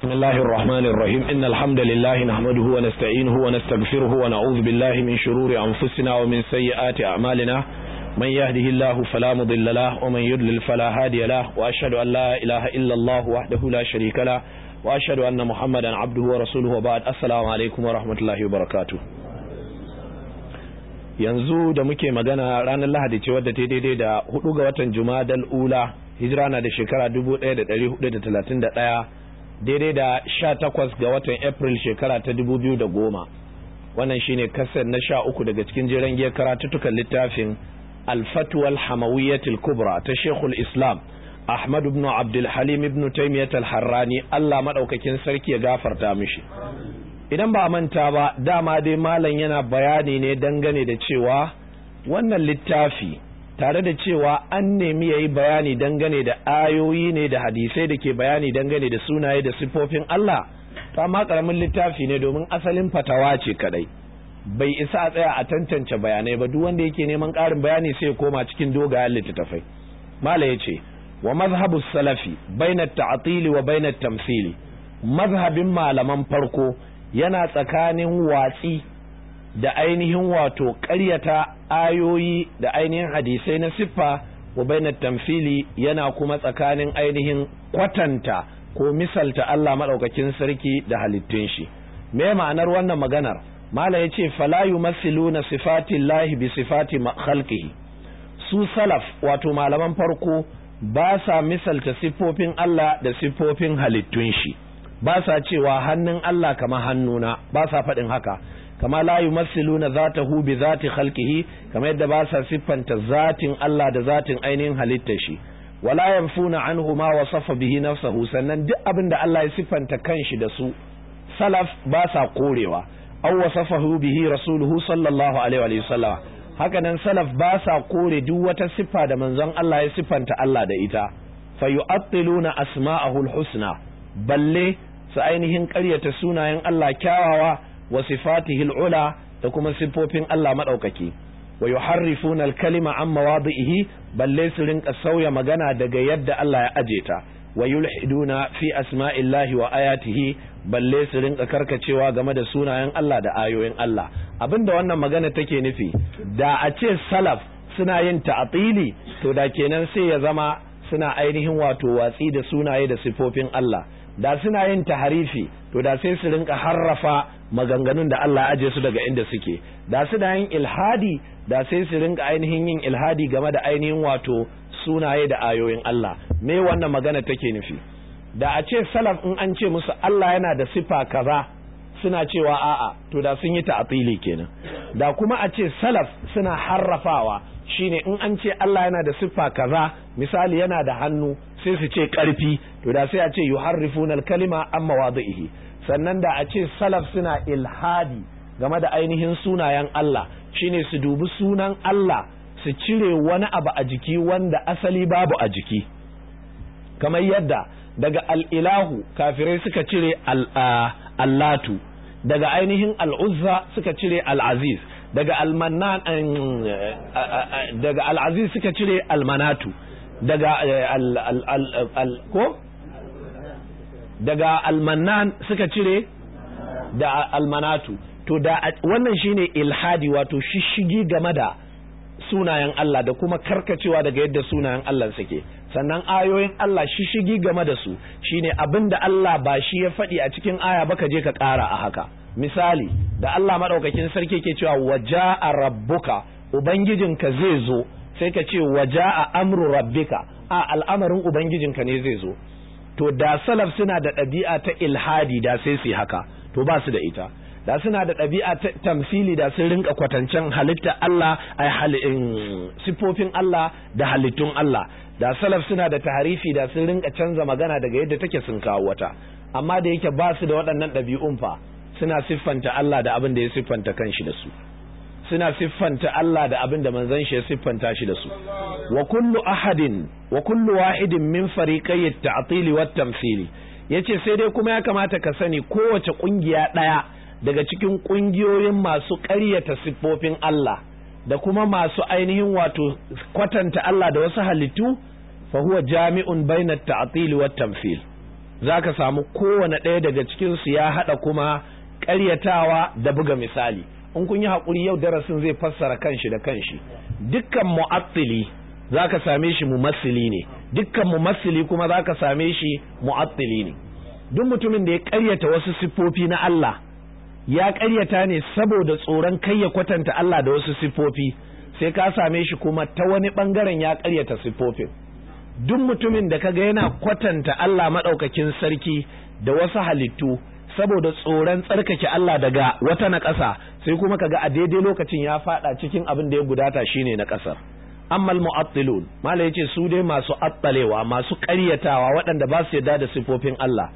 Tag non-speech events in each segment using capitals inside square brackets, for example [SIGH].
بسم الله الرحمن الرحيم إن الحمد لله نحمده ونستعينه ونستغفره ونعوذ بالله من شرور أنفسنا ومن سيئات أعمالنا من يهده الله فلا مضل له ومن يضلل فلا هادي له وأشهد أن لا إله إلا الله وحده لا شريك له وأشهد أن محمدا عبده ورسوله وبعد السلام عليكم ورحمة الله وبركاته yanzu da muke magana ranar lahadi ce wadda ta daidai da hudu ga watan juma'a dal ula hijira na da shekara 1431 daidai da sha takwas ga watan april shekara ta dubu biyu da goma wannan shine kasar na sha uku daga cikin jiran giyar karatutukan littafin alfatuwal hamawiyatul kubra ta shekul islam ahmad ibn abdul halim ibn taimiyat al-harrani allah maɗaukakin sarki ya gafarta mishi idan ba manta ba dama dai malam yana bayani ne dangane da cewa wannan littafi tare da cewa an nemi ya yi bayani dangane da ayoyi ne da hadisai da ke bayani dangane da sunaye da siffofin Allah to amma karamin littafi ne domin asalin fatawa ce kadai bai isa a tsaya a tantance bayanai ba duk wanda yake neman ƙarin bayani sai ya koma cikin dogayen littattafai mala ya ce wa mazhabu salafi baina ta'tili wa baina tamsili mazhabin malaman farko yana tsakanin watsi da ainihin wato ƙaryata ayoyi da ainihin hadisai na siffa wa bainat tamfili yana kuma tsakanin ainihin kwatanta ko misalta Allah maɗaukakin sarki da halittun shi me ma'anar wannan maganar mala yace fala yumassiluna sifati llahi bi sifati khalqihi su salaf wato malaman farko ba sa misalta siffofin Allah da siffofin halittun shi ba sa cewa hannun Allah kamar hannuna ba sa faɗin haka kama la yumassiluna zatahu bi zati khalqihi kama yadda ba sa siffanta zatin Allah da zatin ainihin halittar shi wala yanfuna anhu ma wasafa bihi nafsahu sannan duk abin da Allah ya siffanta kanshi da su salaf ba sa korewa aw wasafahu bihi rasuluhu sallallahu alaihi wa sallam haka nan salaf ba sa kore duk wata siffa da manzon Allah ya siffanta Allah da ita fayu'attiluna asma'ahu husna balle su ainihin ƙaryata sunayen Allah kyawawa wa sifatihi da kuma siffofin Allah maɗaukaki, wa yuharrifuna al-kalima an mawadihi balle su rinka sauya magana daga yadda Allah ya aje ta wa yulhiduna fi asma'illahi wa ayatihi balle su rinka karkacewa game da sunayen Allah da ayoyin Allah abinda wannan magana take nufi da a ce salaf suna yin ta'atili to da kenan sai ya zama suna ainihin wato watsi da sunaye da siffofin Allah da suna yin taharifi to da sai su rinka harrafa maganganun da Allah aje su daga inda suke da su da yin ilhadi da sai su ringa ainihin yin ilhadi game da ainihin wato sunaye da ayoyin Allah me wannan magana take nufi da a ce salaf in an ce musu Allah yana da sifa kaza suna cewa a'a to da sun yi ta'atili kenan da kuma a ce salaf suna harrafawa shine in an ce Allah yana da siffa kaza misali yana da hannu sai su ce karfi to da sai a ce yuharrifuna al-kalima amma wadihi sannan da a ce salaf suna ilhadi game da ainihin sunayen Allah shine su dubi sunan Allah su cire wani abu a jiki wanda asali babu a jiki kamar yadda daga al'ilahu kafirai suka cire ah, allatu daga ainihin al'uzza suka cire al'aziz daga eh, eh, eh, al'aziz suka cire almanatu daga daga almanan suka cire da almanatu to da wannan shine ilhadi wato shishigi game da sunayen Allah da kuma karkacewa daga yadda sunayen Allah suke sannan ayoyin Allah shishigi game da su shine abinda Allah ba shi ya faɗi a cikin aya ba ka je ka ƙara a haka misali da Allah maɗaukakin sarki ke cewa waja'a rabbuka ka zai zo sai ka ce waja'a amru rabbika a al'amarin ubangijinka ne zai zo to da salaf suna da ɗabi'a ta ilhadi da sai su haka to ba su da ita da suna da ɗabi'a ta tamsili da sun rinka kwatancen halitta Allah ai halin sifofin Allah da halittun Allah da salaf suna da taharifi da sun rinka canza magana daga yadda take sun kawo wata amma da yake ba su da waɗannan ɗabi'un fa suna siffanta Allah da abin da ya siffanta kanshi da su suna siffanta Allah da abin da manzon shi ya siffanta shi da su wa kullu ahadin wa kullu wahidin min fariqai at-ta'til wa at-tamthil yace sai dai kuma ya kamata ka sani kowace kungiya daya daga cikin kungiyoyin masu ƙaryata siffofin Allah da kuma masu ainihin wato kwatanta Allah da wasu halittu fa huwa jami'un bayna at-ta'til wa at-tamthil zaka samu kowane ɗaya daga cikin su ya hada kuma ƙaryatawa da buga misali in kun yi haƙuri yau darasin zai fassara kanshi da kanshi dukkan mu'attili za ka same shi mumassili ne dukkan mumassili kuma za ka same shi mu'attili ne duk mutumin da ya ƙaryata wasu siffofi na Allah ya ƙaryata ne saboda tsoron kai ya kwatanta Allah da wasu siffofi sai ka same shi kuma ta wani ɓangaren ya ƙaryata siffofin duk mutumin da kaga yana kwatanta Allah maɗaukakin sarki da wasu halittu saboda tsoron tsarkake Allah daga wata na ƙasa sai kuma ka ga a daidai lokacin ya fada cikin abin da ya gudata shine na kasar ammal mu'attilun mala yace su dai masu attalewa masu ƙaryatawa waɗanda ba su yarda da sifofin Allah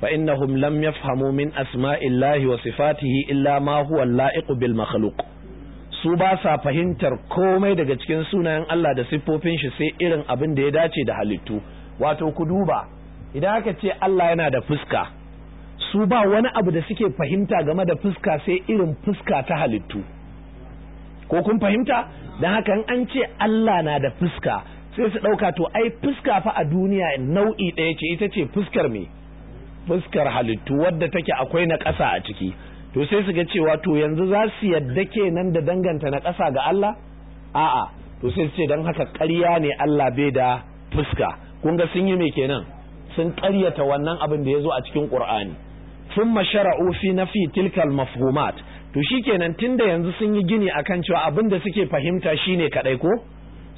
fa innahum lam yafhamu min asma'illahi wa sifatihi illa ma huwa la'iqu bil makhluq su ba sa fahimtar komai daga cikin sunayen Allah da siffofin shi sai irin abin da ya dace da halittu wato ku duba idan aka ce Allah yana da fuska su ba wani abu da suke fahimta game da fuska sai irin fuska ta halittu ko kun fahimta don haka an ce Allah na da fuska sai su ɗauka to ai fuska fa a duniya nau'i ɗaya ce ita ce fuskar me fuskar halittu wadda take akwai na ƙasa a ciki to sai su ga cewa to yanzu za su yadda kenan da danganta na ƙasa ga Allah a'a to sai su ce don haka ƙarya ne Allah bai da fuska kun ga sun yi me kenan sun ƙaryata wannan abin da ya zo a cikin ƙur'ani thumma shara'u fi nafi tilkal mafhumat to shikenan tunda yanzu sun yi gini akan cewa abin da suke fahimta shine kadai ko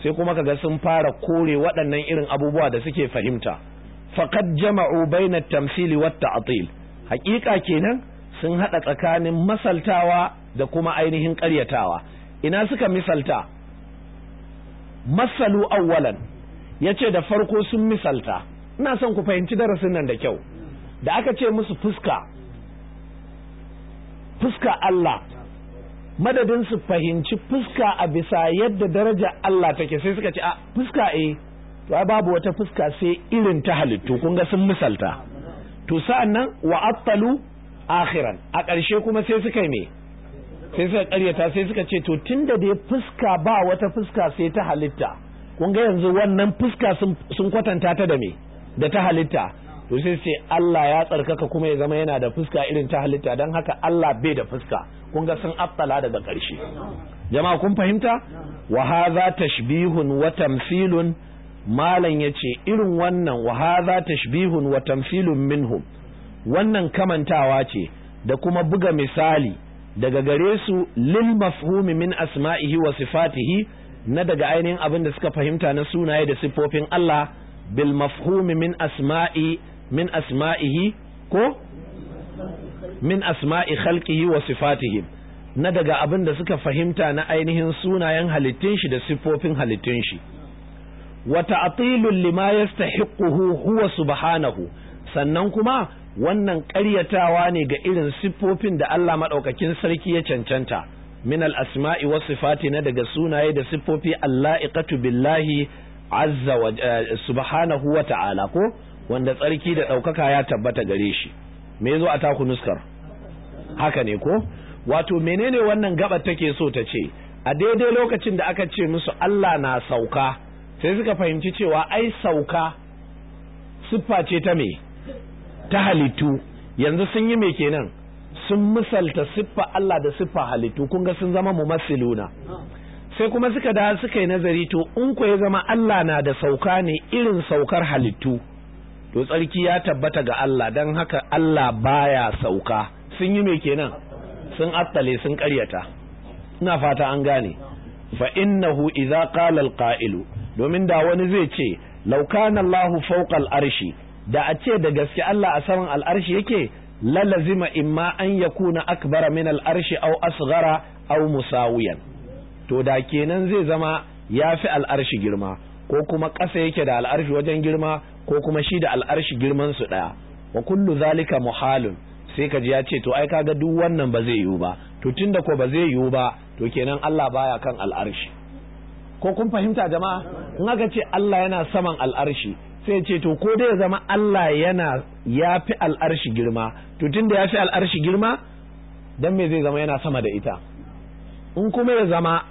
sai kuma kaga sun fara kore waɗannan irin abubuwa da suke fahimta faqad jama'u bainat tamsili wat ta'til haqiqa kenan sun hada tsakanin masaltawa da kuma ainihin ƙaryatawa ina suka misalta masalu awwalan yace da farko sun misalta ina son ku fahimci darasin nan da kyau da aka ce musu fuska fuska Allah madadin su fahimci fuska a bisa yadda daraja Allah take sai suka ce a fuska eh to babu wata fuska sai irin ta halittu kun ga sun misalta to sa'annan wa attalu akhiran a ƙarshe kuma sai suka yi me sai suka ƙaryata sai suka ce to tunda da fuska ba wata fuska sai ta halitta kun ga yanzu wannan fuska sun kwatanta ta da me da ta halitta to sai sai Allah ya tsarkaka kuma ya zama yana da fuska irin ta halitta don haka Allah bai da fuska kun ga sun afsala daga ƙarshe jama'a kun fahimta wa hadha tashbihun wa tamthilun malam yace irin wannan wa hadha tashbihun wa tamsilun minhum wannan kamantawa ce da kuma buga misali daga gare su lil mafhumi min asma'ihi wa sifatihi na daga ainihin abin da suka fahimta na sunaye da siffofin Allah bil mafhumi min asma'i min asma'ihi ko min asma'i khalqihi wa sifatihim na daga abin da suka fahimta na ainihin sunayen halittun shi da siffofin halittun shi wa ta'tilun lima yastahiquhu huwa subhanahu sannan kuma wannan ƙaryatawa ne ga irin siffofin da Allah madaukakin sarki ya cancanta min al-asma'i was sifati na daga sunaye da siffofi alla'iqatu billahi azza wa eh, subhanahu wa ta'ala ko wanda tsarki da ɗaukaka ya tabbata gare shi me zo a taku nuskar haka ne ko wato menene wannan gabar take so ta ce a daidai lokacin da aka ce musu Allah na sauka sai suka fahimci cewa ai sauka siffa ce ta me ta halittu yanzu sun yi me kenan sun misalta siffa Allah da siffa halittu kun ga sun zama mumassiluna sai kuma suka da suka yi nazari to in ku ya zama Allah na da sauka ne irin saukar halittu to tsarki ya tabbata ga Allah don haka Allah baya sauka sun yi mai kenan sun attale sun karyata ina fata an gane fa innahu idza qala alqa'ilu domin da wani zai ce law kana Lahu fawqa al'arshi da a ce da gaske Allah a saman al'arshi yake lalazima imma an yakuna akbara min al'arshi aw asghara aw musawiyan to da kenan zai zama ya fi al'arshi girma ko kuma ƙasa yake da al'arshi wajen girma ko kuma shi da al'arshi girman su daya wa kullu zalika muhalun sai ka ji ya ce to ai kaga duk wannan ba zai yiwu ba to tunda ko ba zai yiwu ba to kenan Allah baya kan al'arshi ko kun fahimta jama'a in aka ce Allah yana saman al'arshi sai ce to ko dai ya zama Allah yana ya al'arshi girma to tunda ya fi al'arshi girma dan me zai zama yana sama da ita in kuma ya zama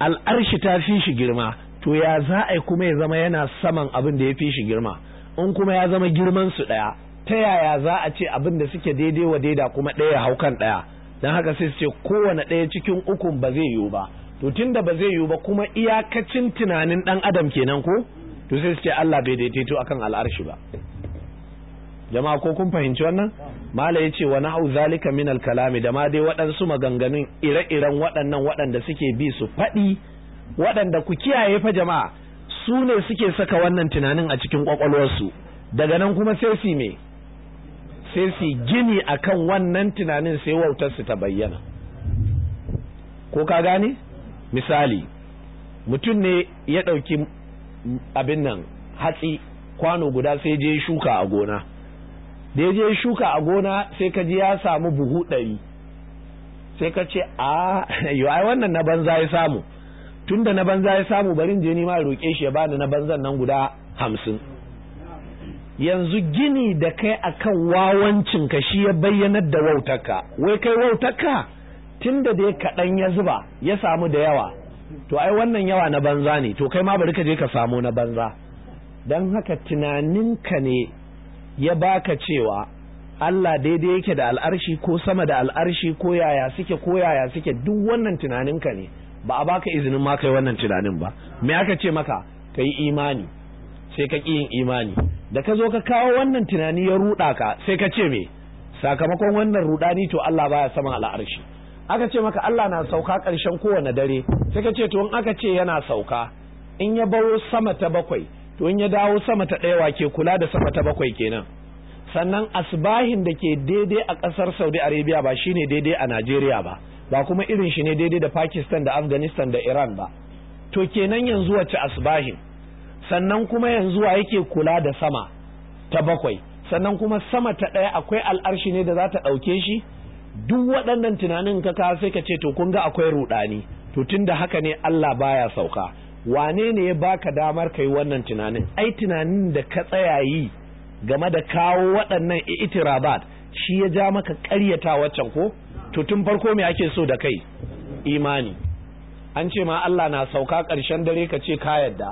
al'arshi ta fi shi girma to ya za a kuma ya zama yana saman abin da ya fi shi girma in kuma ya zama girman su ɗaya ta yaya za a ce abin da suke daidai wa daida kuma ɗaya haukan ɗaya don haka sai su ce kowane ɗaya cikin ukun ba zai yiwu ba to tun da ba zai yiwu ba kuma iyakacin tunanin dan adam kenan ko to sai su ce Allah bai daidaito akan al'arshi ba jama'a ko kun fahimci wannan mala yace wa na'u zalika min al-kalami da ma dai waɗansu maganganun ire-iren waɗannan waɗanda suke bi su faɗi waɗanda ku kiyaye fa jama'a su ne suke saka wannan tunanin a cikin kwakwalwarsu daga nan kuma sai su me sai su gini akan wannan tunanin sai wautar su ta bayyana ko ka gane misali mutum ne ya ɗauki abin nan hatsi kwano guda sai je shuka a gona da ya je shuka a gona sai ka ji ya samu buhu ɗari sai ka ce a ah, [LAUGHS] yi wannan na banza ya samu tunda na banza ya samu barin je nima roƙe shi ya bani na banzan nan guda hamsin yanzu gini da kai akan wawancin ka shi ya bayyanar da wautarka wai kai wautarka tunda da ya kaɗan ya zuba ya samu da yawa to ai wannan yawa na banza ne to kai ma bari ka je ka samu na banza don haka tunaninka ne ya baka cewa Allah daidai yake da al'arshi ko sama da al'arshi ko yaya suke ko yaya suke duk wannan tunaninka ne ba a baka izinin ma kai wannan tunanin ba me aka ce maka kai imani sai ka yin imani da ka zo ka kawo wannan tunani ya ruɗa ka sai ka ce me sakamakon wannan rudani to Allah baya saman al'arshi aka ce maka Allah na sauka karshen kowane dare sai ka ce to in aka ce yana sauka in ya bawo sama ta bakwai to in ya dawo sama ta ɗaya wake kula da sama ta bakwai kenan sannan asbahin da ke daidai a ƙasar Saudi Arabia ba shine daidai a Najeriya ba ba kuma irin shi ne daidai da Pakistan da Afghanistan da Iran ba to kenan yanzu wace asbahin sannan kuma yanzu wa yake kula da sama ta bakwai sannan kuma sama ta ɗaya akwai al'arshi ne da za ta ɗauke shi duk waɗannan tunanin ka kawo sai ka ce to kun ga akwai ruɗani to tunda haka ne Allah baya sauka wane ne ya baka damar kai wannan tunanin ai tunanin da ka tsaya yi game da kawo waɗannan itirabat shi ya ja maka ƙaryata waccan ko to tun farko me ake so da kai imani an ce ma Allah na sauka ƙarshen dare ka ce ka yadda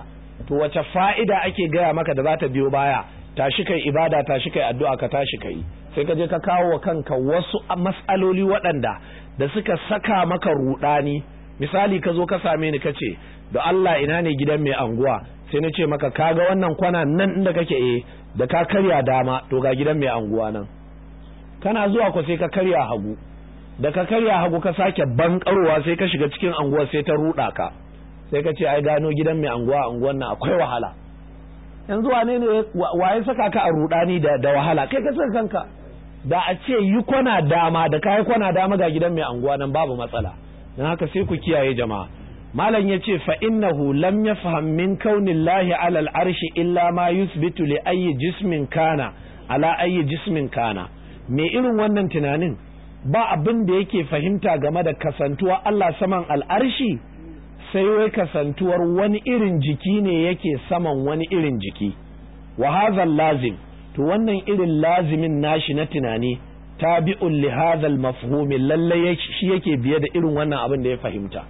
to wace fa'ida ake gaya maka da za ta biyo baya tashi kai ibada tashi kai addu'a ka tashi kai sai ka je ka kawo wa kanka wasu matsaloli waɗanda da suka saka maka rudani misali ka zo ka same ni ka ce da Allah ina ne gidan mai anguwa sai na ce maka kaga wannan kwana nan inda kake eh da ka karya dama to ga gidan mai anguwa nan kana zuwa ko sai ka karya hagu da ka karya hagu ka sake bankarwa sai ka shiga cikin anguwa sai ta ruɗa ka sai ka ce ai gano gidan mai anguwa anguwan nan akwai wahala yanzu wane ne waye saka ka a rudani da da wahala kai ka san kanka da a ce yi kwana dama da kai kwana dama ga gidan mai anguwa nan babu matsala dan haka sai ku kiyaye jama'a malam yace fa innahu lam yafham min kaunillahi ala al'arshi illa ma yusbitu li ayyi jismin kana ala ayyi jismin kana me irin wannan tunanin ba abin da yake fahimta game da kasantuwar Allah saman al'arshi sai wai kasantuwar wani irin jiki ne yake saman wani irin jiki wa lazim to wannan irin lazimin nashi na tunani bi li hazal mafhumi lalle shi yake biye da irin wannan abin da ya fahimta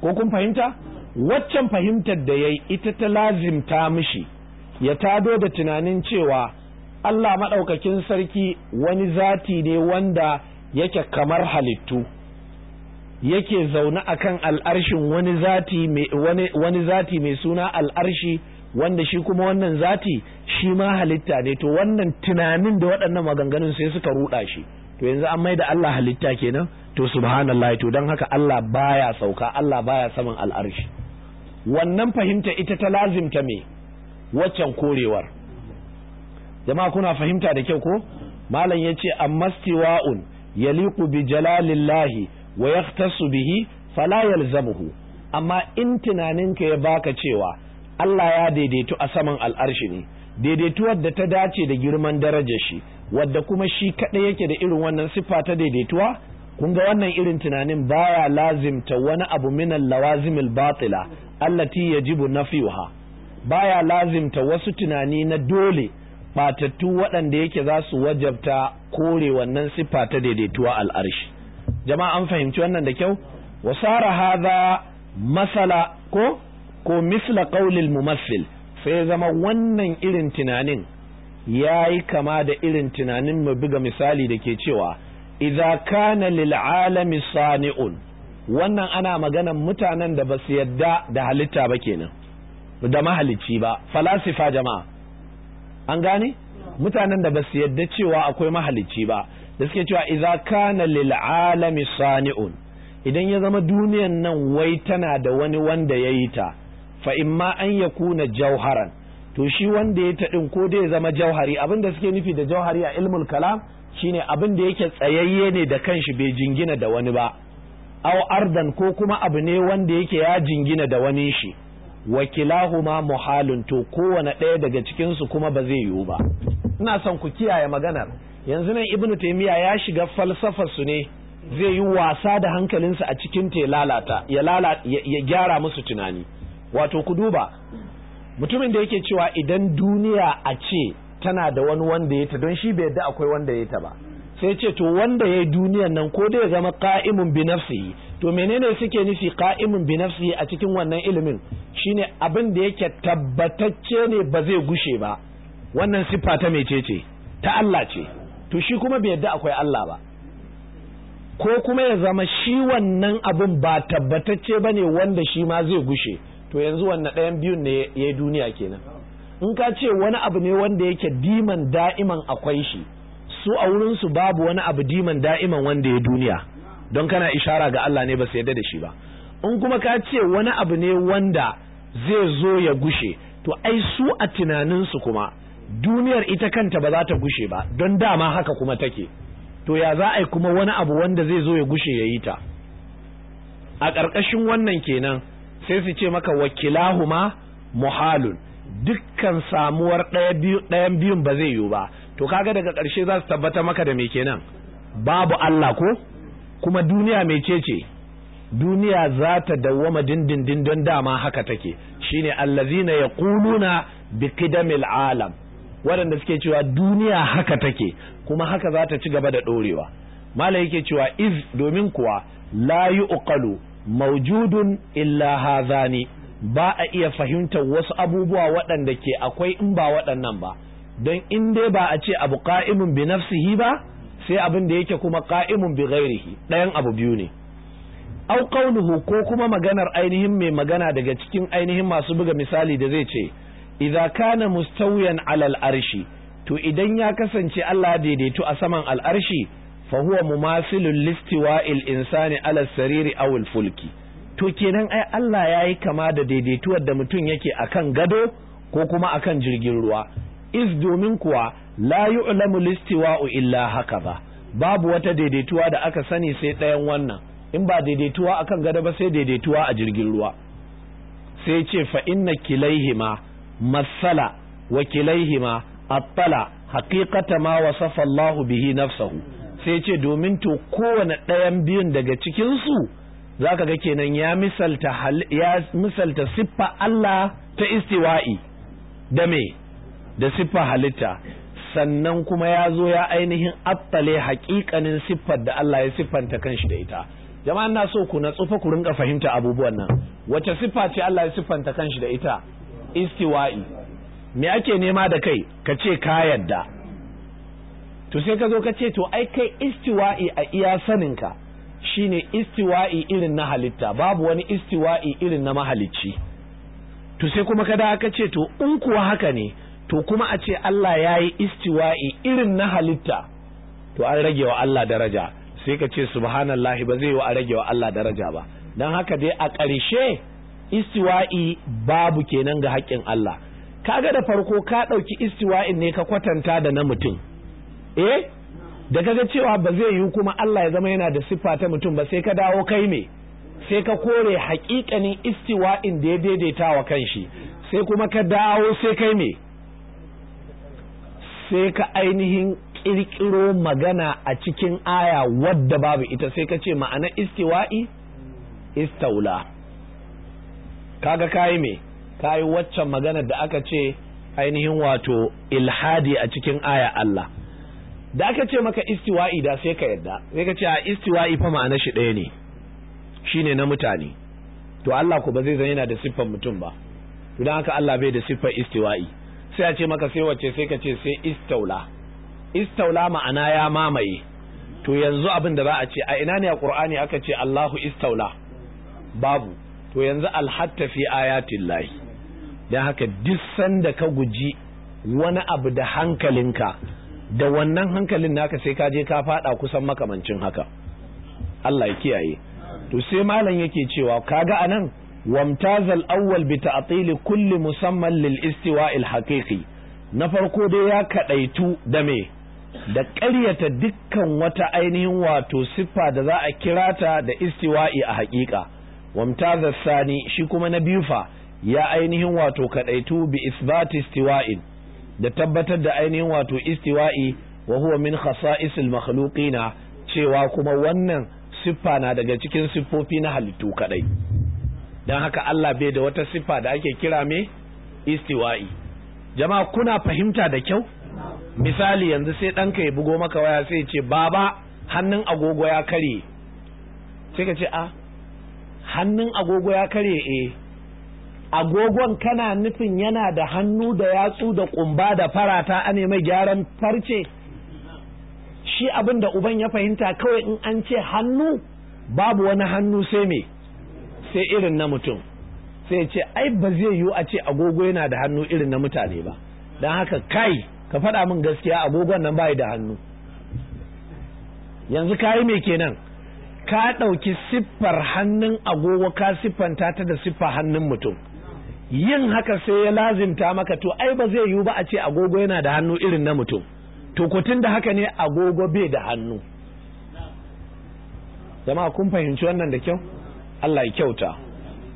ko kun fahimta waccan fahimtar da yayi ita ta lazimta mishi ya tado da tunanin cewa Allah maɗaukakin sarki wani zati ne wanda yake kamar halittu yake zaune akan al'arshin wani zati mai wani zati mai suna al'arshi wanda shi kuma wannan zati shi ma halitta ne to wannan tunanin da waɗannan maganganun sai suka ruɗa shi to yanzu an maida Allah halitta kenan to subhanallah to don haka Allah baya sauka Allah baya saman al'arshi wannan fahimta ita ta lazimta me waccan korewar jama'a kuna fahimta da kyau ko malam yace ammastiwa'un yaliqu bi jalalillahi wa bihi fala yalzamuhu amma in tunaninka ya baka cewa Allah ya daidaitu a saman al'arshi ne daidaituwar da ta dace da girman darajar shi wadda kuma shi kaɗai yake da irin wannan siffa ta daidaituwa kun ga wannan irin tunanin baya lazimta wani abu minan lawazimil batila allati yajibu nafiha baya lazimta wasu tunani na dole batattu waɗanda yake za su wajabta kore wannan siffa ta daidaituwa al'arshi jama'a an fahimci wannan da kyau wasara hadha masala ko ko misla qaulil mumassil sai zama wannan irin tunanin yayi kama da irin tunanin mu buga misali da ke cewa idza kana lil alami sani'un wannan ana maganan mutanen da ba su yadda da halitta ba kenan da mahalicci ba falasifa jama'a an gane mutanen da ba su yadda cewa akwai mahalicci ba da suke cewa idza kana lil alami sani'un idan ya zama duniyan nan wai tana da wani wanda ya yi ta fa imma an yakuna jauharan to shi wanda ya ta din ko dai ya zama jauhari abin da suke nufi da jauhari a ilmul kalam shine abin da yake tsayayye ne da kanshi bai jingina da wani ba aw ardan ko kuma abu ne wanda yake ya jingina da wani shi wakilahuma muhalun to kowane ɗaya daga cikinsu kuma ba zai yiwu ba ina son ku kiyaye maganar yanzu nan ibnu taimiya ya shiga falsafar su ne zai yi wasa da hankalinsa a cikin ta lalata ya lalata ya gyara musu tunani wato ku duba mutumin da yake cewa idan duniya a ce tana da wani wanda ya ta don shi bai yadda akwai wanda ya ta ba sai ce to wanda ya yi duniyan nan ko dai ya zama ka'imun bi nafsihi to menene suke nufi qa'imun bi nafsihi a cikin wannan ilimin shine abin da yake tabbatacce ne ba zai gushe ba wannan siffa ta mecece ta Allah ce to shi kuma bai yadda akwai Allah ba ko kuma ya zama shi wannan abin ba tabbatacce bane wanda shi ma zai gushe to yanzu wannan ɗayan biyun ne yayi duniya kenan in ka ce wani abu ne wanda yake diman da'iman akwai shi su a wurinsu babu wani abu diman da'iman wanda ya duniya don kana ishara ga Allah ne ba su da shi ba in kuma ka ce wani abu ne wanda zai zo ya gushe to ai su a tunaninsu kuma duniyar ita kanta ba za ta gushe ba don dama haka kuma take to ya za a yi kuma wani abu wanda zai zo ya gushe ya yi ta a ƙarƙashin wannan kenan sai su ce maka wakilahuma muhalun dukkan samuwar ɗayan biyun ba zai yiwu ba to kaga daga ƙarshe za su tabbata maka da me kenan babu Allah ko kuma duniya mai cece duniya za ta dawwama dindindin don dama haka take shine allazina yaquluna biqidamil alam waɗanda suke cewa duniya haka take kuma haka za ta ci gaba da ɗorewa mala yake cewa iz domin kuwa la yuqalu maujudun illa hazani ba a iya fahimtar wasu abubuwa waɗanda ke akwai in ba waɗannan ba don in dai ba a ce abu ka'imun bi nafsihi ba sai abin da yake kuma qa'imun bi ghairihi ɗayan abu biyu ne au qawluhu ko kuma maganar ainihin mai magana daga cikin ainihin masu buga misali da zai ce idza kana mustawiyan alal arshi to idan ya kasance Allah daidaitu a saman al'arshi fa huwa mumasilul listiwa'il insani ala sariri awul fulki to kenan ai Allah yayi kama da daidaituwar da mutum yake akan gado ko kuma akan jirgin ruwa is domin kuwa la yu'lamu listiwa'u illa haka ba babu wata daidaituwa da aka sani sai ɗayan wannan in ba daidaituwa akan gada ba sai daidaituwa a jirgin ruwa sai ce fa inna kilaihima masala wa kilaihima attala haqiqata ma wasafa Allahu bihi nafsahu sai ce domin to kowane ɗayan biyun daga cikin su zaka ga kenan ya misalta ya misalta siffa Allah ta istiwa'i da me da siffa halitta sannan kuma ya zo ya ainihin attale haƙiƙanin siffar da Allah ya siffanta kanshi da ita jama'an na so ku na tsufa ku rinka fahimta abubuwan nan wace siffa ce Allah ya siffanta kanshi da ita istiwa'i me ake nema da kai ka ce ka yadda to sai ka zo ka ce to ai kai istiwa'i a iya ka shine istiwa'i irin na halitta babu wani istiwa'i irin na mahalicci to sai kuma ka da ka ce to in kuwa haka ne to kuma a ce Allah ya yi istiwa'i irin na halitta to an rage wa Allah daraja sai ka ce subhanallahi ba zai yi wa a rage wa Allah daraja ba don haka dai a ƙarshe istiwa'i babu kenan ga haƙƙin Allah kaga da farko ka ɗauki istiwa'in ne ka kwatanta da na mutum eh da kaga cewa ba zai yi kuma Allah ya zama yana da siffa ta mutum ba sai ka dawo kai me sai ka kore haƙiƙanin istiwa'in da ya daidaita wa kanshi sai kuma ka dawo sai kai me sai ka ainihin ƙirƙiro magana a cikin aya wadda babu ita sai ka ce ma'ana istiwa'i istaula kaga kayi me kayi waccan magana da aka ce ainihin wato ilhadi a cikin aya Allah da aka ce maka istiwa'i da sai ka yadda sai ka ce a istiwa'i fa ma'ana shi ɗaya ne shine na mutane to Allah ku ba zai zan yana da siffar mutum ba idan haka Allah bai da siffar istiwa'i sai a ce maka sai wacce sai ka ce sai istaula istaula ma'ana ya mamaye to yanzu abin da za a ce a ina ne a qur'ani aka ce Allahu istaula babu to yanzu alhatta fi ayatin lahi don haka duk sanda ka guji wani abu da hankalinka da wannan hankalin naka sai ka je ka fada kusan makamancin haka Allah ya kiyaye to sai malam yake cewa kaga anan وامتاز الأول بتعطيل كل مسمى للاستواء الحقيقي na farko dai ya kaɗaitu da da ƙaryata dukkan wata ainihin wato siffa da za a kira ta da istiwa'i a haƙiƙa wamtazar sani shi kuma na biyu fa ya ainihin wato kaɗaitu bi isbati istiwa'in da tabbatar da ainihin wato istiwa'i wa huwa min khasa'isil makhluqina cewa kuma wannan siffa na daga cikin siffofi na halittu kaɗai don haka Allah bai da wata siffa da ake kira mai istiwa'i jama'a kuna fahimta da kyau misali yanzu sai ɗanka ya bugo maka waya sai ce baba hannun agogo ya karye sai ka ce a hannun agogo ya karye eh agogon kana nufin yana da hannu da yatsu da kumba da farata a mai gyaran farce shi abin da uban ya fahimta kawai in an ce hannu babu wani hannu sai me sai irin na mutum sai ce ai ba zai yiwu a ce agogo yana da hannu irin na mutane ba don haka kai ka faɗa min gaskiya agogon nan bai da hannu yanzu kayi mai kenan ka ɗauki siffar hannun agogo ka siffanta ta da siffar hannun mutum yin haka sai ya lazimta maka to ai ba zai yiwu ba a ce agogo yana da hannu irin na mutum to kutun da haka ne agogo bai da hannu jama'a kun fahimci wannan da kyau Allah ya kyauta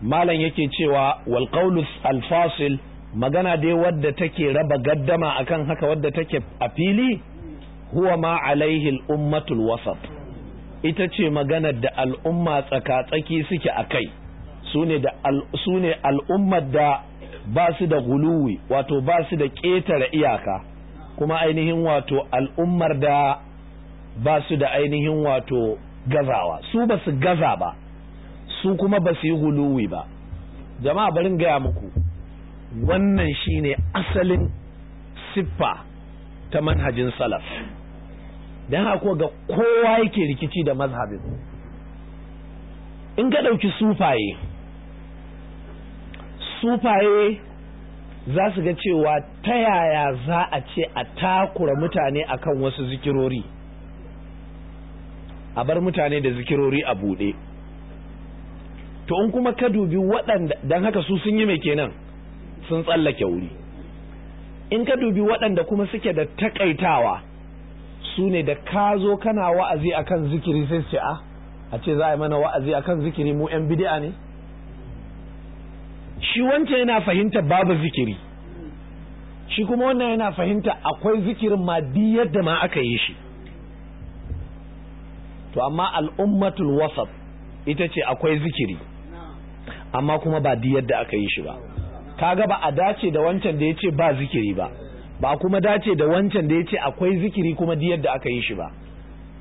malam yake cewa wal qawlu al fasil magana dai wadda take raba gaddama akan haka wadda take a fili huwa ma alaihi al ummatul wasat ita ce magana da al'umma tsaka-tsaki suke a kai sune ne al'ummar da ba su da guluwi wato ba su da ƙetare iyaka kuma ainihin wato al'ummar da ba su da ainihin wato gazawa su ba su gaza ba su kuma ba su yi huluwi ba jama'a barin gaya muku wannan shine asalin siffa ta manhajin salaf don haka ga kowa yake rikici da mazhabin in ka ɗauki sufaye sufaye za su ga cewa ta yaya za a ce a takura mutane akan wasu zikirori a bar mutane da zikirori a buɗe to in kuma ka dubi waɗanda don haka su sun yi mai kenan sun tsallake wuri in ka dubi waɗanda kuma suke da takaitawa su ne da ka zo kana wa'azi akan zikiri sai ce a ah, a ce za a yi mana wa'azi akan zikiri mu yan bidi'a ne shi wancan yana fahimta babu zikiri shi kuma wannan yana fahimta akwai zikirin ma di yadda ma aka yi shi to amma al'ummatul wasaf ita ce akwai zikiri amma kuma ba di yadda aka yi shi ba kaga ba a dace da wancan da yace ba zikiri ba ba kuma dace da wancan da yace akwai zikiri kuma diyar da aka yi shi ba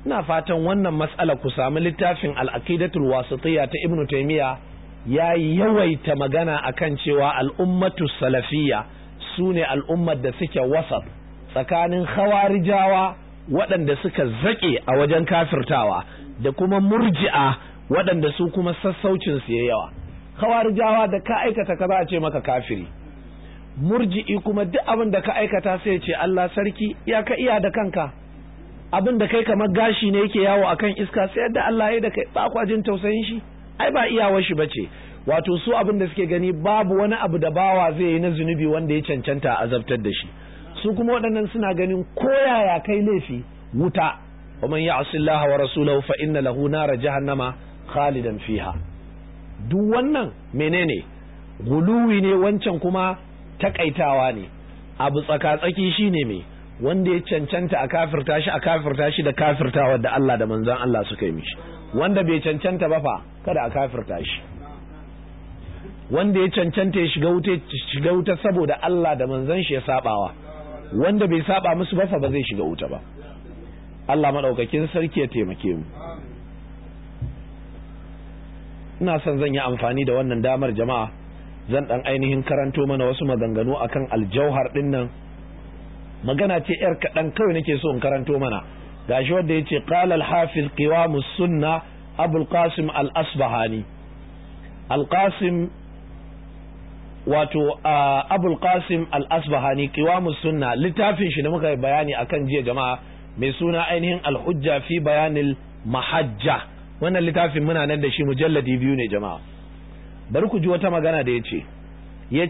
ina fatan wannan matsala ku samu littafin al-aqidatul wasitiyya ta ibnu taymiya ya yawaita magana akan cewa al'ummatu salafiyya sune al'ummar da suke wasat tsakanin khawarijawa waɗanda suka zake a wajen kafirtawa da kuma murji'a waɗanda su kuma sassaucin su yawa kawarijawa da ka aikata za a ce maka kafiri murji'i kuma duk abin da ka aikata sai ce Allah sarki ya ka iya da kanka abin da kai kamar gashi ne yake yawo akan iska sai yadda Allah ya da kai ba kwa jin tausayin shi ai ba iya shi bace wato su abin da suke gani babu wani abu da bawa zai yi na zunubi wanda ya cancanta azabtar da shi su kuma waɗannan suna ganin koyaya kai laifi wuta wa man ya'si Allah wa rasulahu fa inna lahu nara jahannama khalidan fiha duk wannan menene guluwi ne wancan kuma takaitawa ne abu tsakatsaki shine me wanda ya cancanta a kafirta shi a kafirta shi da kafirta wadda Allah da manzon Allah suka yi mishi wanda bai cancanta ba fa kada a kafirta shi wanda ya cancanta ya shiga wuta shiga wuta saboda Allah da manzon shi ya sabawa wanda bai saba musu ba fa ba zai shiga wuta ba Allah madaukakin sarki ya taimake mu ina son zan yi amfani da wannan damar jama'a zan dan ainihin karanto mana wasu maganganu akan aljauhar din nan magana ce yar kaɗan kawai nake so in karanto mana gashi wanda ya ce qala al-hafiz qiwam sunna abul qasim al-asbahani al-qasim wato abul qasim al-asbahani qiwam sunna littafin shi da muka yi bayani akan jiya jama'a mai suna ainihin al-hujja fi bayanil mahajja wannan littafin muna nan da shi mujalladi biyu ne jama'a bari ku ji wata magana da yace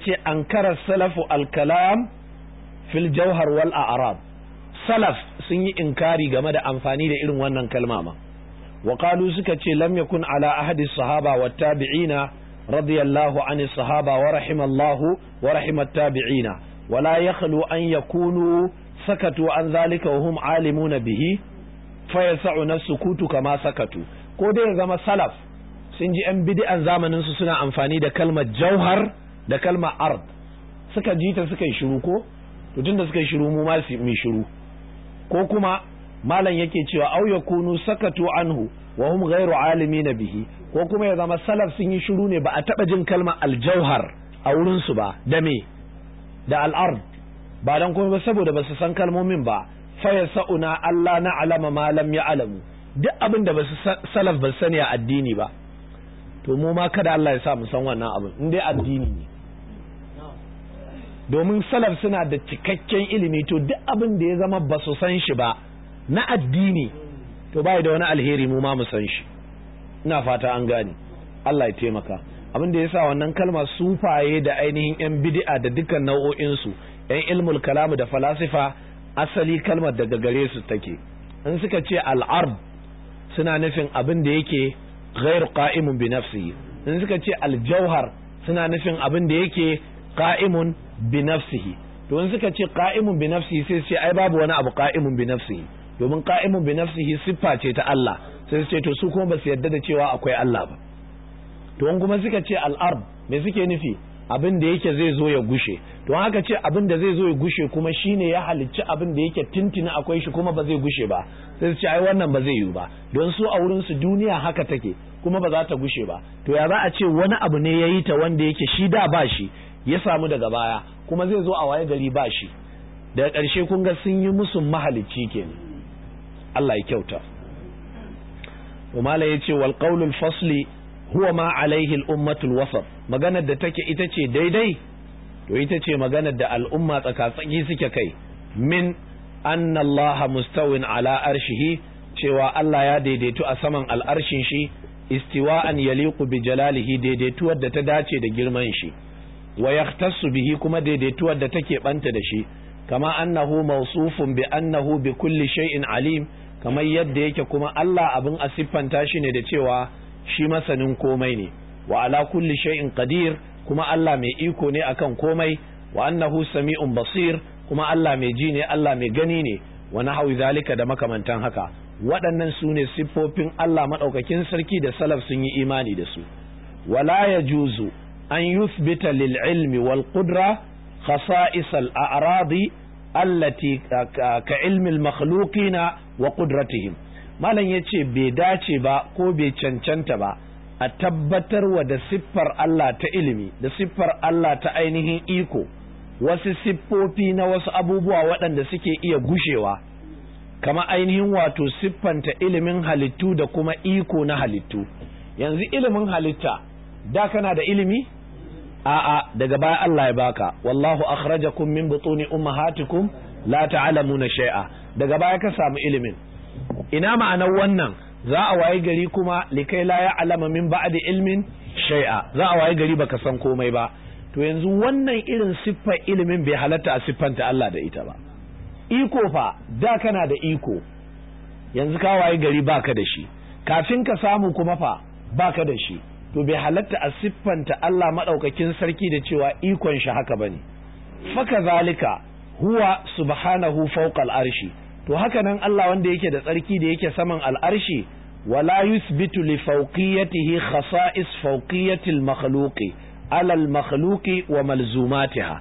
ce ankara ce salafu alkalam fil jauhar wal a'rab salaf sun yi inkari game da amfani da irin wannan kalma ma wa qalu suka ce lam yakun ala ahadi sahaba wa tabi'ina radiyallahu an sahaba wa rahimallahu wa rahimat tabi'ina wala yakhlu an yakunu sakatu an zalika wa hum alimuna bihi fa yas'u nafsu kutu kama sakatu ko dai ya zama salaf sun ji 'yan bidi'an zamanin su suna amfani da kalmar jauhar da kalmar ard suka ji ta suka yi shiru ko to tunda suka yi shiru mu ma mu shiru ko kuma malam yake cewa au yakunu sakatu anhu wa hum ghairu alimin bihi ko kuma ya zama salaf sun yi shiru ne ba a taba jin kalmar aljauhar a wurin su ba da me da ard ba dan komai ba saboda ba su san kalmomin ba fa yasuna Allah na alama ma lam ya'lamu duk abin da basu salaf ba sani a addini ba to mu ma kada Allah ya sa mu san wannan abin in dai addini ne domin salaf suna da cikakken ilimi to duk abin da ya zama ba su san shi ba na addini to bai da wani alheri mu ma mu san shi ina fata an gane Allah ya taimaka abin da ya sa wannan kalma sufaye da ainihin yan bid'a da dukkan nau'o'in su yan ilmul kalamu da falasifa asali kalmar daga gare su take in suka ce al'arb suna nufin abin da yake ghairu qa'imun bi nafsi in suka ce aljauhar suna nufin abin da yake qa'imun bi nafsihi to in suka ce qa'imun bi nafsihi sai su ce ai babu wani abu qa'imun bi nafsihi domin qa'imun bi nafsihi siffa ce ta Allah sai su ce to su kuma ba su yarda da cewa akwai Allah ba to in kuma suka ce al-ard me suke nufi abin da yake zai zo ya gushe to haka ce abin da zai zo ya gushe kuma shine ya halicci abin da yake tintini akwai shi kuma ba zai gushe ba sai su ce ai wannan ba zai yi ba don su a wurin su duniya haka take kuma ba za ta gushe ba to ya za a ce wani abu ne ya yi ta wanda yake shi da ba shi ya samu daga baya kuma zai zo a waye gari ba shi daga ƙarshe kun ga sun yi musu mahalicci kenan Allah ya kyauta umala yace wal qaulul fasli huwa ma alaihi al'ummatul wasat maganar da take ita ce daidai to ita ce maganar da al'umma tsakatsaki suke kai min annallaha mustawin ala arshihi cewa Allah ya daidaitu a saman al'arshin shi istiwa'an yaliqu bi jalalihi daidaituwar da ta dace da girman shi wa yahtassu bihi kuma daidaituwar da take banta da shi kama annahu mawsufun bi annahu bi kulli shay'in alim kamar yadda yake kuma Allah abin asiffanta shi ne da cewa shi masanin komai ne wa ala kulli shay'in qadir kuma Allah mai iko ne akan komai wa annahu sami'un basir kuma Allah mai ji ne Allah mai gani ne wa nahwi zalika da makamantan haka waɗannan su ne siffofin Allah madaukakin sarki da salaf sun yi imani da su wala yajuzu an yuthbita lil ilmi wal qudra khasa'is al a'radi allati ka ilmi al makhluqina wa qudratihim malam ya ce bai dace ba ko bai cancanta ba a tabbatar wa da siffar Allah ta ilimi da siffar Allah ta ainihin iko wasu siffofi na wasu abubuwa waɗanda suke iya gushewa kama ainihin wato siffanta ilimin halittu da kuma iko na halittu yanzu ilimin halitta da kana da ilimi a'a daga baya Allah ya baka wallahu akhrajakum min butuni ummahatikum la ta'lamuna shay'a daga baya ka samu ilimin ina ma'anar wannan za a waye gari kuma likai la ya alama min ba'd ilmin shay'a za a waye gari baka san komai ba to yanzu wannan irin siffar ilimin bai halatta a siffanta Allah da ita ba iko fa da kana da iko yanzu ka waye gari baka da shi kafin ka samu kuma fa baka da shi to bai halatta a siffanta Allah madaukakin sarki da cewa ikon shi haka bane faka zalika huwa subhanahu fawqa al-arshi to haka nan Allah wanda yake da tsarki da yake saman al'arshi wala yusbitu li fawqiyatihi khasa'is fawqiyatil makhluqi alal makhluqi wa malzumatiha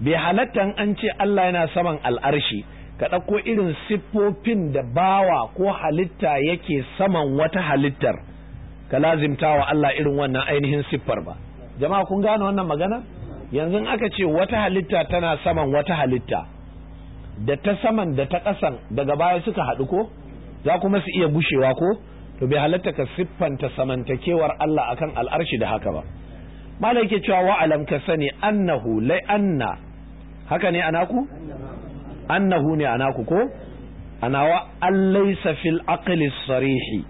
bi halattan an ce Allah yana saman al'arshi ka ɗauko irin siffofin da bawa ko halitta yake saman wata halittar ka lazimta wa Allah irin wannan ainihin siffar ba jama'a kun gane wannan magana yanzu aka ce wata halitta tana saman wata halitta da ta saman da ta ƙasan daga baya suka haɗu ko za kuma su iya bushewa ko to bai halatta ka siffanta samantakewar Allah akan al'arshi da haka ba malai yake cewa alam ka sani annahu lai anna haka ne anaku annahu ne anaku ko anawa allaysa fil aqli sarihi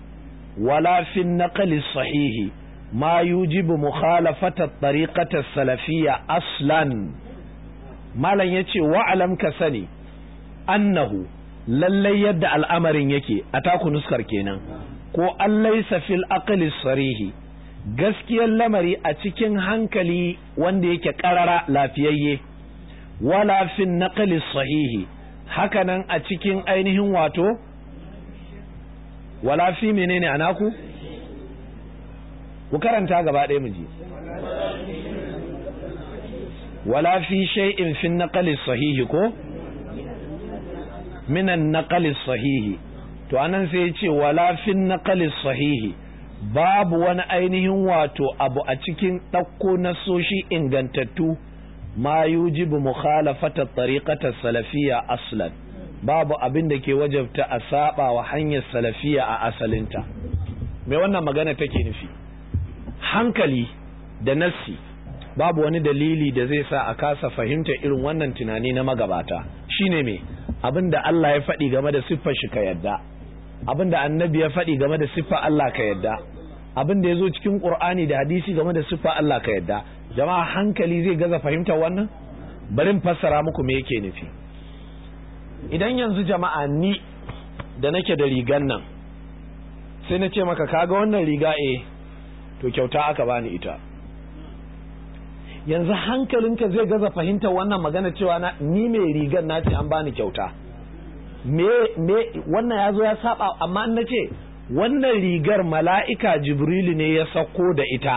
wala fil naqli sahihi ma yujibu mukhalafata tariqata salafiyya aslan Malam yace alam ka sani annahu lallai yadda al'amarin yake a taku nuskar kenan ko allaisa fil aqli sarihi gaskiyar lamari a cikin hankali wanda yake karara lafiyayye wala fin naqli sahihi hakanan a cikin ainihin wato wala fi menene anaku ku karanta gaba ɗaya mu ji wala fi shay'in fin naqli sahihi ko minan naqalis sahihi to anan sai ya ce wala fin naqalis sahihi babu wani ainihin wato abu a cikin ɗauko nasoshi ingantattu ma yujibu mukhalafata tariqata salafiyya aslan babu abin da ke wajabta a saba wa hanyar salafiya a asalinta mai wannan magana take nufi hankali da nassi babu wani dalili da zai sa a kasa fahimta irin wannan tunani na magabata shine me da Allah ya faɗi game da siffar shi ka yadda da annabi ya faɗi game da siffar Allah ka yadda da ya zo cikin ƙur'ani da hadisi game da siffar Allah ka yadda jama'a hankali zai gaza fahimta wannan bari in fassara muku me yake nufi idan yanzu jama'a ni da nake da rigan nan sai na ce maka kaga wannan riga eh to kyauta aka bani ita yanzu hankalinka zai gaza fahimtar wannan magana cewa na ni mai rigar na ce an bani kyauta me me wannan ya zo ya saba amma an nace wannan rigar mala'ika jibrilu ne ya sako da ita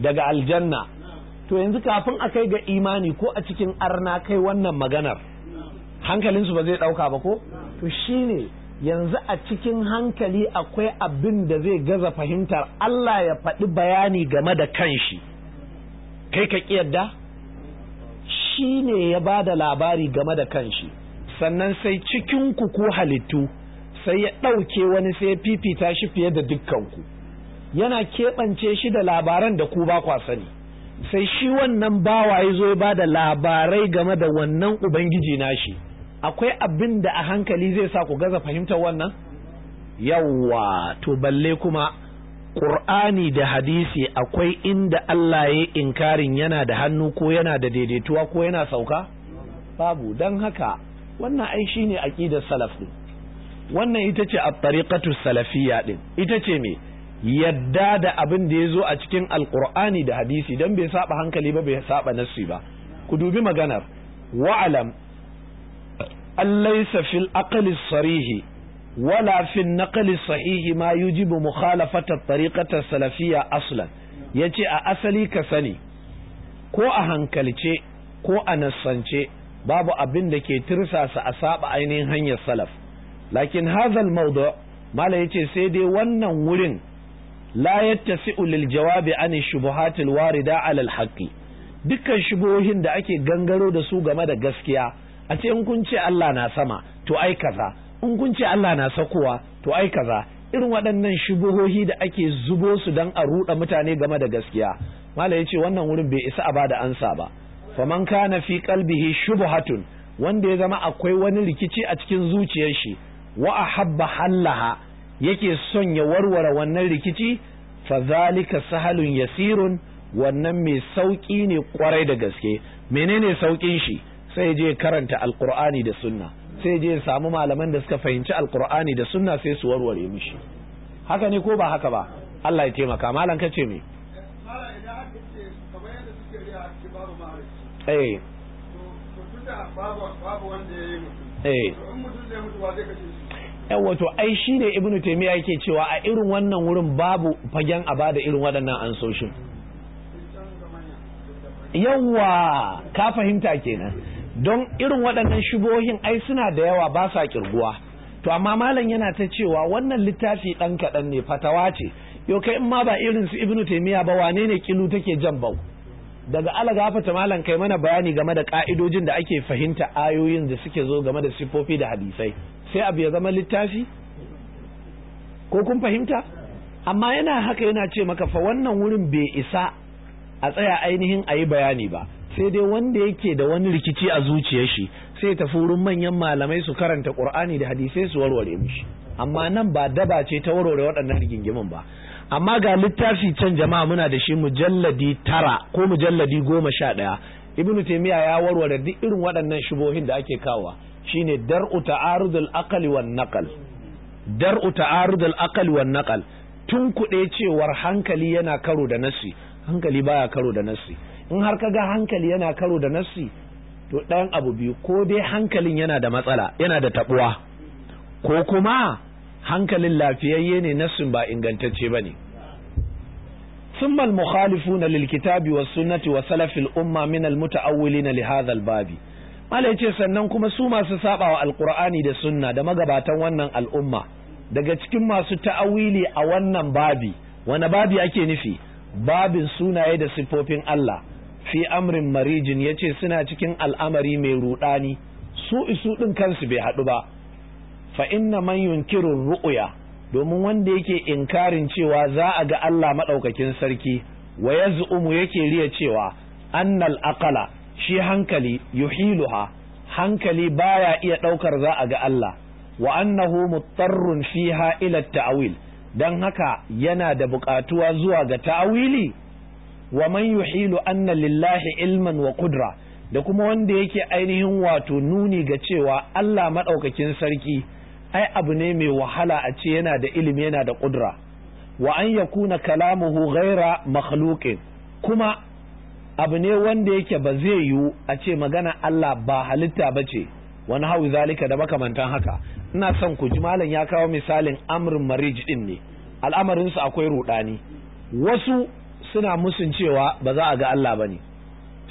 daga aljanna to yanzu kafin a kai ga imani ko a cikin arna kai wannan maganar hankalinsu ba zai ɗauka ba ko to shine yanzu a cikin hankali akwai abin da zai gaza fahimtar Allah ya faɗi bayani game da kanshi kai ka yadda shi ne ya ba da labari game da kanshi sannan sai cikinku ku halittu sai ya ɗauke wani sai fifita shi fiye da dukkanku yana keɓance shi da labaran da ku ba sani sai shi wannan bawa ya zo ba da labarai game da wannan ubangiji nashi akwai abin da a hankali zai sa ku gaza fahimtar wannan yawwa to balle kuma Qur'ani da hadisi akwai inda Allah ya inkarin yana da hannu ko yana da daidaituwa ko yana sauka babu don haka wannan ai shine aqidar salaf din wannan ita ce at-tariqatu salafiyya din ita ce me yadda da abin da zo a cikin alƙur'ani da hadisi don bai saba hankali ba bai saba nassi ba ku dubi maganar wa'alam allaysa fil aqli sarihi wala fi naqli sahihi ma yujibu mukhalafata tariqata salafiyya aslan yace a asali ka sani ko a hankalce ko a nasance babu abin da ke tirsasa a saɓa ainihin hanyar salaf lakin hazal mawdu mala yace sai dai wannan wurin la yattasi'u jawabi an shubuhatil warida ala al haqqi dukkan shubuhohin da ake gangaro da su game da gaskiya a ce in kun Allah na sama to ai kaza in kun ce Allah na sakowa to ai kaza irin waɗannan shubuhohi da ake zubo su dan a ruɗa mutane game da gaskiya malai yace wannan wurin bai isa a da ansa ba faman kana fi qalbihi shubhatun wanda ya zama akwai wani rikici a cikin zuciyar shi wa ahabba hallaha yake son ya warware wannan rikici fa zalika sahalun yasirun wannan mai sauki ne kwarai da gaske menene saukin shi sai je karanta alqur'ani da sunna sai je ya samu malaman da suka fahimci alkur'ani da sunna sai su warware mishi haka ne ko ba haka ba Allah ya taimaka malam kace me eh, eh. to ai shi ne ibnu taimiyya yake cewa a irin wannan wurin babu fagen a bada irin waɗannan ansoshin Yawwa, ka fahimta kenan don irin waɗannan shubohin ai suna da yawa ba sa kirguwa to amma malam yana ta cewa wannan littafi ɗan kaɗan ne fatawa ce yau kai in ma ba irin su ibnu taimiyya ba wane ne kilu take jan bau daga alaga fata malam kai mana bayani game da ka'idojin da ake fahimta ayoyin da suke zo game da sifofi da hadisai sai abu ya zama littafi ko kun fahimta amma yana haka yana ce maka fa wannan wurin bai isa a tsaya ainihin a yi bayani ba sai dai wanda yake da wani rikici a zuciyar shi sai tafi wurin manyan malamai su karanta qur'ani da hadisai su warware mishi amma nan ba daba ce ta warware waɗannan rigingimin ba amma ga littafi can jama'a muna da shi mujalladi tara ko mujalladi goma sha ɗaya ibnu taimiyya ya warware duk irin waɗannan shubohin da ake kawa shine dar'u ta'arudul aqli wan naqal dar'u ta'arudul aqli wan naqal tun kuɗe cewar hankali yana karo da nasi hankali baya karo da nasi in har ka ga hankali yana karo da nassi to ɗan abu biyu ko dai hankalin yana da matsala yana da taɓuwa ko kuma hankalin lafiyayye ne nassin ba ingantacce ba ne ثم المخالفون للكتاب والسنة وسلف الأمة من المتأولين لهذا الباب Mala ya ce sannan kuma su masu sabawa al alkur'ani da sunna da magabatan wannan al'umma daga cikin masu ta'awili a wannan babi wani babi ake nufi babin sunaye da siffofin Allah fi amrin marijin ya ce suna cikin al'amari mai rudani su isu ɗin kansu bai haɗu ba fa inna man yunkirin ru'uya domin wanda yake inkarin cewa za a ga Allah maɗaukakin sarki wa ya yake riya cewa annal aqala shi hankali yuhiluha hankali baya iya ɗaukar za a ga Allah wa annahu muttarrun fiha ila ta'awil, dan haka yana da buƙatuwa zuwa ga ta'awili wa man yuhilu anna lillahi ilman wa qudra da kuma wanda yake ainihin wato nuni ga cewa Allah maɗaukakin sarki ai abu ne mai wahala a ce yana da ilimi yana da qudra wa an yakuna kalamuhu ghaira makhluqin kuma abu ne wanda yake ba zai yiwu a ce magana Allah ba halitta ba ce wani hau zalika da makamantan haka ina son ku ji malam ya kawo misalin amrin marij din ne su akwai rudani wasu suna musun cewa ba za a ga Allah ba ne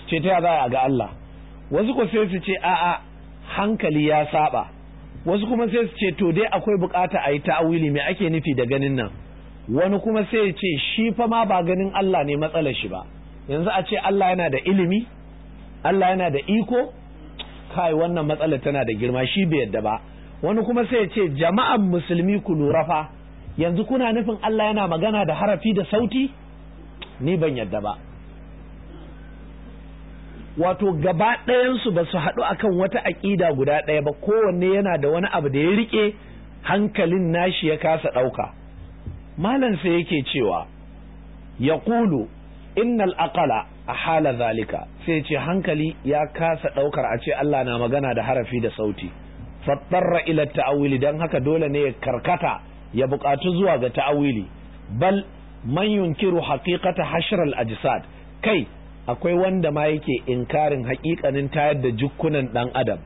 ce ta za a ga Allah wasu ku sai su ce a'a hankali ya saba wasu kuma sai su ce to dai akwai bukata a yi ta'awili me ake nufi da ganin nan wani kuma sai ya ce shi fa ma ba ganin Allah ne matsalar shi ba yanzu a ce Allah yana da ilimi Allah yana da iko kai wannan matsalar tana da girma shi bai yadda ba wani kuma sai ya ce jama'an musulmi ku lura fa yanzu kuna nufin Allah yana magana da harafi da sauti ni ban yadda ba wato gaba ɗayansu ba su haɗu akan wata aƙida guda ɗaya ba kowanne yana da wani abu da ya riƙe hankalin nashi ya kasa ɗauka malam sai yake cewa ya ƙulu innal aqala a hala zalika sai ce hankali ya kasa ɗaukar a ce Allah na magana da harafi da sauti fattarra ila ta'awili don haka dole ne ya karkata ya buƙatu zuwa ga ta'awili bal man yunkiru haqiqata hashral ajsad kai akwai wanda ma yake inkarin haƙiƙanin tayar da jukkunan ɗan adam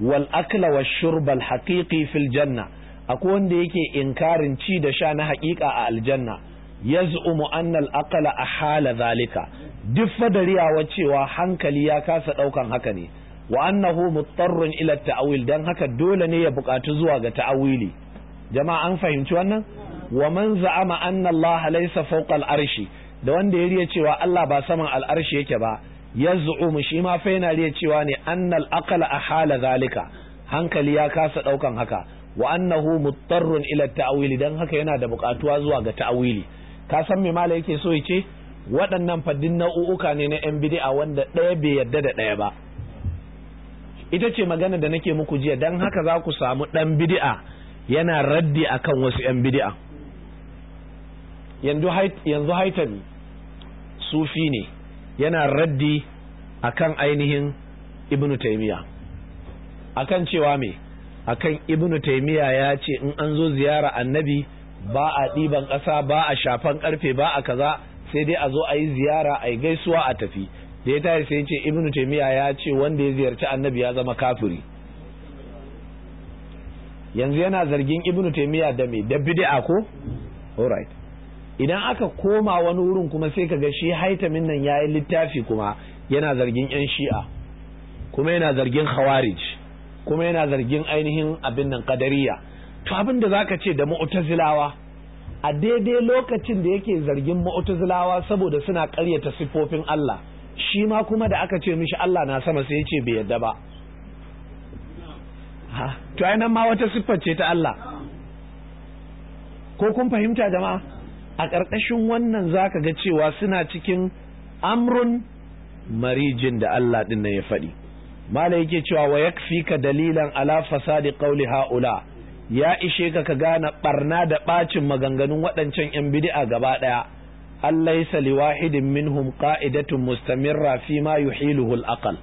wal akla wa shurbal haƙiƙi fil janna akwai wanda yake inkarin ci da sha na haƙiƙa a aljanna yaz'umu anna al a hala zalika duk fadariyawa cewa hankali ya kasa ɗaukan haka ne wa annahu muttarrun ila ta'awil dan haka dole ne ya buƙatu zuwa ga ta'awili jama'a an fahimci wannan wa man za'ama anna Allah laysa fawqa al-arshi da wanda ya riya cewa Allah ba saman al'arshi yake ba ya shi ma fa yana riya cewa ne annal aqla ahala zalika hankali ya kasa daukan haka wa annahu muttarrun ila ta'wili dan haka yana da bukatuwa zuwa ga ta'wili ka san me malai yake so yace waɗannan faddin nau'uka ne na yan bid'a wanda ɗaya bai yadda da ɗaya ba ita ce magana da nake muku jiya dan haka za ku samu ɗan bid'a yana raddi akan wasu yan bid'a yanzu haitami sufi ne yana raddi akan ainihin ibnu taimiya akan cewa me akan ibnu taimiya ya ce in an zo ziyara annabi ba a ɗiban ƙasa ba a shafan ƙarfe ba a kaza sai dai a zo a yi ziyara a yi gaisuwa a tafi da ya tare sai ce ibnu taimiya ya ce wanda ya ziyarci annabi ya zama kafiri yanzu yana zargin ibnu taimiya da me da bid'a ko alright idan aka koma wani wurin kuma sai ka ga shi haitamin nan ya yi littafi kuma yana zargin 'yan shi'a kuma yana zargin khawarij kuma yana zargin ainihin abin nan kadariya to abin da zaka ce da mu'tazilawa a daidai lokacin da yake zargin mu'tazilawa saboda suna ƙaryata siffofin Allah shi ma kuma da aka ce mishi Allah na sama sai ya ce bai yadda ba to ai nan ma wata siffar ce ta Allah ko kun fahimta jama'a a ƙarƙashin wannan za ka ga cewa suna cikin amrun marijin da Allah ɗin nan ya faɗi mala yake cewa wa ya ka dalilan ala fasadi qawli haula ya ishe ka ka gane ɓarna da ɓacin maganganun waɗancan 'yan bidi'a gaba ɗaya Allah ya allaisa liwahidin minhum ƙa'idatun mustamirra fi ma yuhiluhu hul aƙal.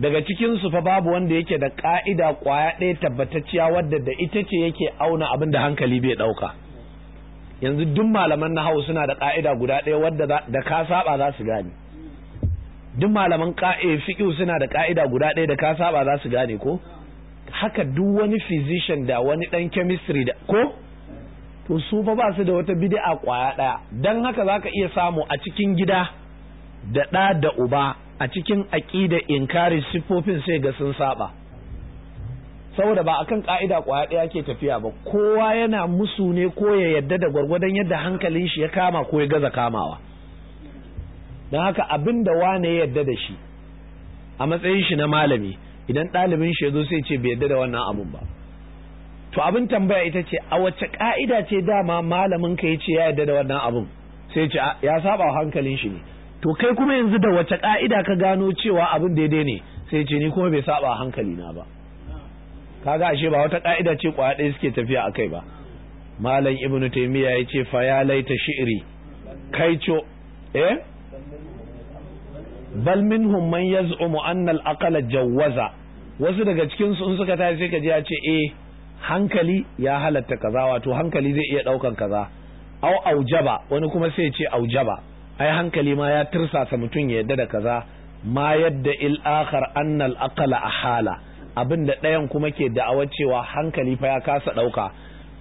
daga cikin su fa babu wanda yake da ƙa'ida ƙwaya ɗaya tabbatacciya wadda da ita ce yake auna abin da hankali bai ɗauka yanzu duk malaman na hau suna da ka'ida guda ɗaya wadda da ka saba za su gane duk malaman ka'e fiƙiu suna da ka'ida guda ɗaya da ka saba za su gane ko haka duk wani physician da wani ɗan chemistry da ko to su fa ba su da wata bid'a ƙwaya ɗaya dan haka za ka iya samu a cikin gida da ɗa da uba a cikin aƙida inkari siffofin sai ga sun saba saboda ba akan ka'ida kwaya ɗaya ke tafiya ba kowa yana musu ne ko ya yadda da gwargwadon yadda hankalin shi ya kama ko ya gaza kamawa don haka abin da wane ya yadda da shi a matsayin shi na malami idan ɗalibin shi ya zo sai ce bai yadda da wannan abun ba to abin tambaya ita ce a wace ka'ida ce dama malamin ka ya ce ya yadda da wannan abun sai ce ya saba hankalin shi ne to kai kuma yanzu da wace ka'ida ka gano cewa abin daidai ne sai ce ni kuma bai saba hankali na ba kaga ashe ba wata ka'ida ce kwaya ɗaya suke tafiya a kai ba malam ibnu taymiya ya ce fa ya laita shi'ri co eh bal minhum man yaz'umu anna al jawwaza wasu daga cikin su in suka ta sai ka ji ya ce eh hankali ya halatta kaza wato hankali zai iya daukan kaza au aujaba wani kuma sai ya ce aujaba ai hankali ma ya tirsasa mutum ya yadda da kaza ma yadda il akhar anna a hala. abin da ɗayan kuma ke da'awar cewa hankali fa ya kasa ɗauka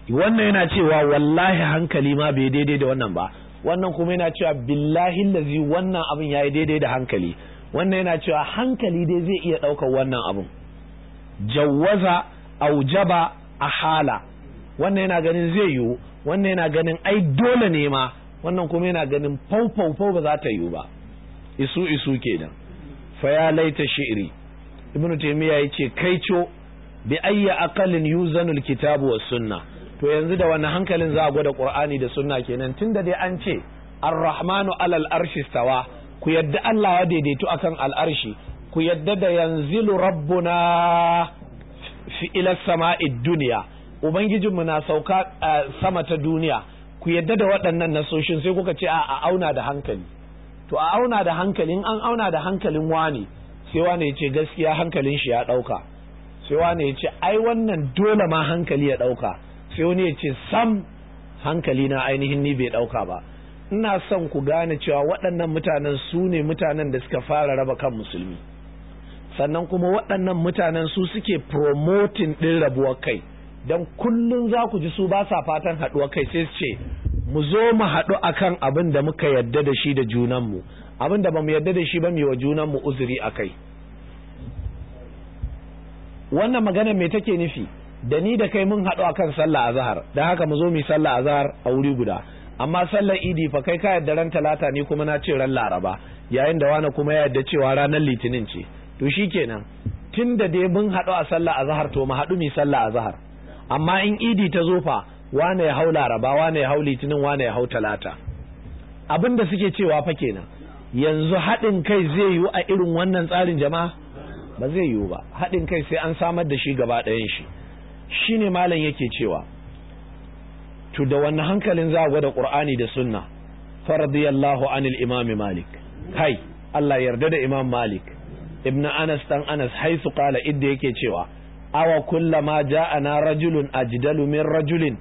wannan yana cewa wallahi hankali ma bai daidai da wannan ba wannan kuma yana cewa billahi lazi wannan abin ya yi daidai da hankali wannan yana cewa hankali dai zai iya ɗaukar wannan abin jawwaza aujaba ahala wannan yana ganin zai yiwu wannan yana ganin ai dole ne ma wannan kuma yana ganin fau fau fau ba za ta yiwu ba isu isu kenan fa ya laita shi'ri ibn taymiya yace kaico bi ayya aqalin yuzanu alkitabu was sunna to yanzu da wani hankalin za a gwada qur'ani da sunna kenan tunda dai an ce arrahmanu rahmanu alal arshi stawa ku yadda Allah ya daidaito akan al'arshi ku yadda da yanzilu rabbuna fi ila sama'i duniya ubangijinmu na sauka sama ta duniya ku yadda da waɗannan nasoshin sai kuka ce a auna da hankali to a auna da hankalin an auna da hankalin wani sai wane ya ce gaskiya hankalin shi ya ɗauka sai wane ya ce ai wannan dole ma hankali ya ɗauka sai wani ya ce sam hankali na ainihin ni bai ɗauka ba ina son ku gane cewa waɗannan mutanen su ne mutanen da suka fara raba kan musulmi sannan kuma waɗannan mutanen su suke promoting ɗin rabuwar kai don kullum za ku ji su ba sa fatan haɗuwar kai sai su ce mu zo mu haɗu akan abin da muka yadda da shi da junanmu abin da ba mu yarda da shi ba mu yi wa junan mu uzuri a kai wannan magana mai take nufi da ni da kai mun haɗu a kan sallah azhar don haka mu zo mu yi sallah azhar a wuri guda amma sallar idi fa kai ka yarda ran talata ni kuma na ce ran laraba yayin da wani kuma ya yarda cewa ranar litinin ce to shi kenan tun da dai mun haɗu a sallah azhar to mu haɗu mu sallah azhar amma in idi ta zo fa wane ya hau laraba wane ya hau litinin wane ya hau talata abin da suke cewa fa kenan yanzu haɗin kai zai yiwu a irin wannan tsarin jama'a ba zai yiwu ba haɗin kai sai an samar da shi gaba ɗayan shi shine malam yake cewa to da wani hankalin za a gwada ƙur'ani da sunna faradiyallahu anil imami malik kai Allah yarda da imam malik ibn anas dan anas haisu ƙala idda yake cewa awa kulla ma a na rajulun ajdalu min rajulin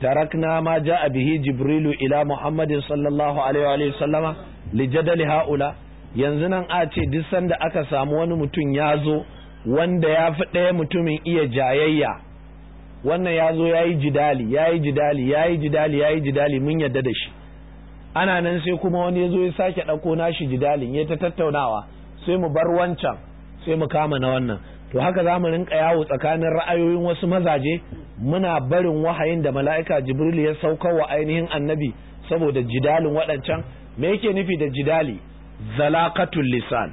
tarakna ma ja'a bihi jibrilu ila muhammadin sallallahu alaihi wa sallama lijadali haula yanzu nan a ce duk sanda aka samu wani mutum ya zo wanda ya fi ɗaya mutumin iya jayayya wannan ya zo ya yi jidali ya yi jidali ya yi jidali ya yi jidali mun yadda da shi ana nan sai kuma wani ya zo ya sake ɗauko nashi jidalin ya ta tattaunawa sai mu bar wancan sai mu kama na wannan to haka za mu rinka yawo tsakanin ra'ayoyin wasu mazaje muna barin wahayin da mala'ika jibril ya saukar wa ainihin annabi saboda jidalin waɗancan me yake nufi da jidali zalaqatul lisan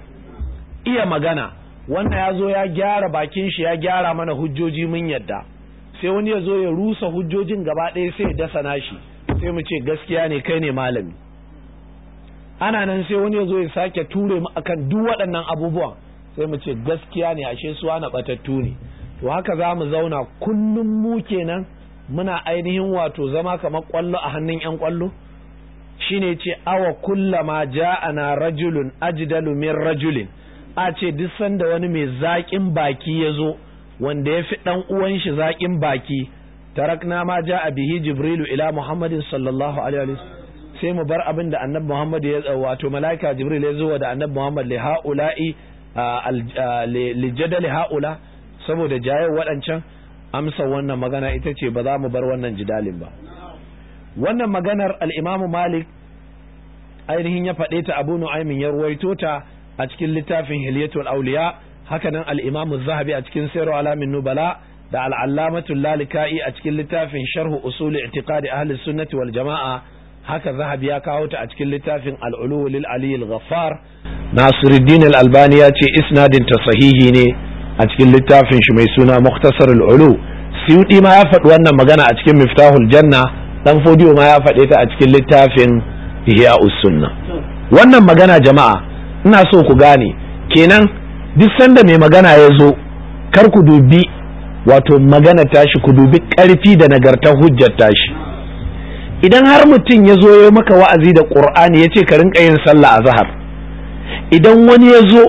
iya magana wannan ya zo ya gyara bakin shi ya gyara mana hujjoji mun yadda sai wani ya zo ya rusa hujjojin gaba ɗaya sai ya dasa nashi sai mu ce gaskiya ne kai ne malami ana nan sai wani ya zo ya sake ture mu akan duk waɗannan abubuwan sai mu ce gaskiya ne ashe su na batattu ne to haka za mu zauna kullum mu kenan muna ainihin wato zama kamar ƙwallo a hannun yan kwallo shine yace awa kullama ja'ana rajulun ajdalu min rajulin a ce duk sanda wani mai zaƙin baki ya zo wanda ya fi ɗan uwan shi zaƙin baki tarakna ma ja a bihi jibrilu ila muhammadin sallallahu alaihi sai mu bar abin da annabi muhammad ya wato malaika jibril ya zo da annabi muhammad li haula'i li jadali haula saboda jayar waɗancan amsa wannan magana ita ce ba za mu bar wannan jidalin ba wannan maganar al'imamu malik ainihin ya faɗe ta abu ya ruwaito ta a cikin littafin hiliyatul auliya hakanan al'imamu zahabi a cikin sayarwa alamin nubala da al'allamatul lalika'i a cikin littafin sharhu usuli i'tiqadi ahli sunnati wal jama'a haka zahabi ya kawo ta a cikin littafin al'ulu lil aliyil ghaffar nasiruddin al-albani ya ce isnadin ta sahihi ne a cikin littafin shi mai suna muktasar al'ulu siyudi ma ya faɗi wannan magana a cikin miftahul janna dan fodiyo ma ya faɗe ta a cikin littafin ihya sunna wannan magana jama'a ina so ku gane kenan duk sanda mai magana ya zo kar ku dubi wato magana tashi ku dubi ƙarfi da nagartar hujjar tashi idan har mutum ya zo ya maka wa'azi da ƙur'ani ya ce ka rinka yin sallah a zahar idan wani ya zo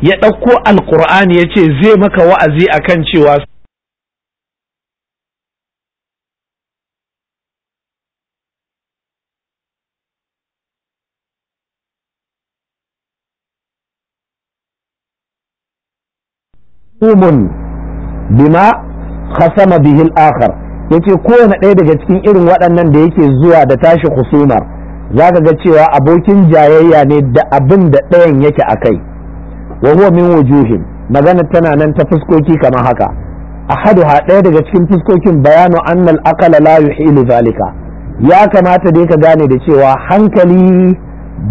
ya ɗauko alƙur'ani ya ce zai maka wa'azi akan cewa ma'asumun bima خصم bihil akhar yace kowane ɗaya daga cikin irin waɗannan da yake zuwa da tashi husumar zaka ga cewa abokin jayayya ne da abin da ɗayan yake a kai wa huwa min wujuhin magana tana nan ta fuskoki kamar haka ahadu ha ɗaya daga cikin fuskokin bayanu annal aqala la yuhilu zalika ya kamata dai ka gane da cewa hankali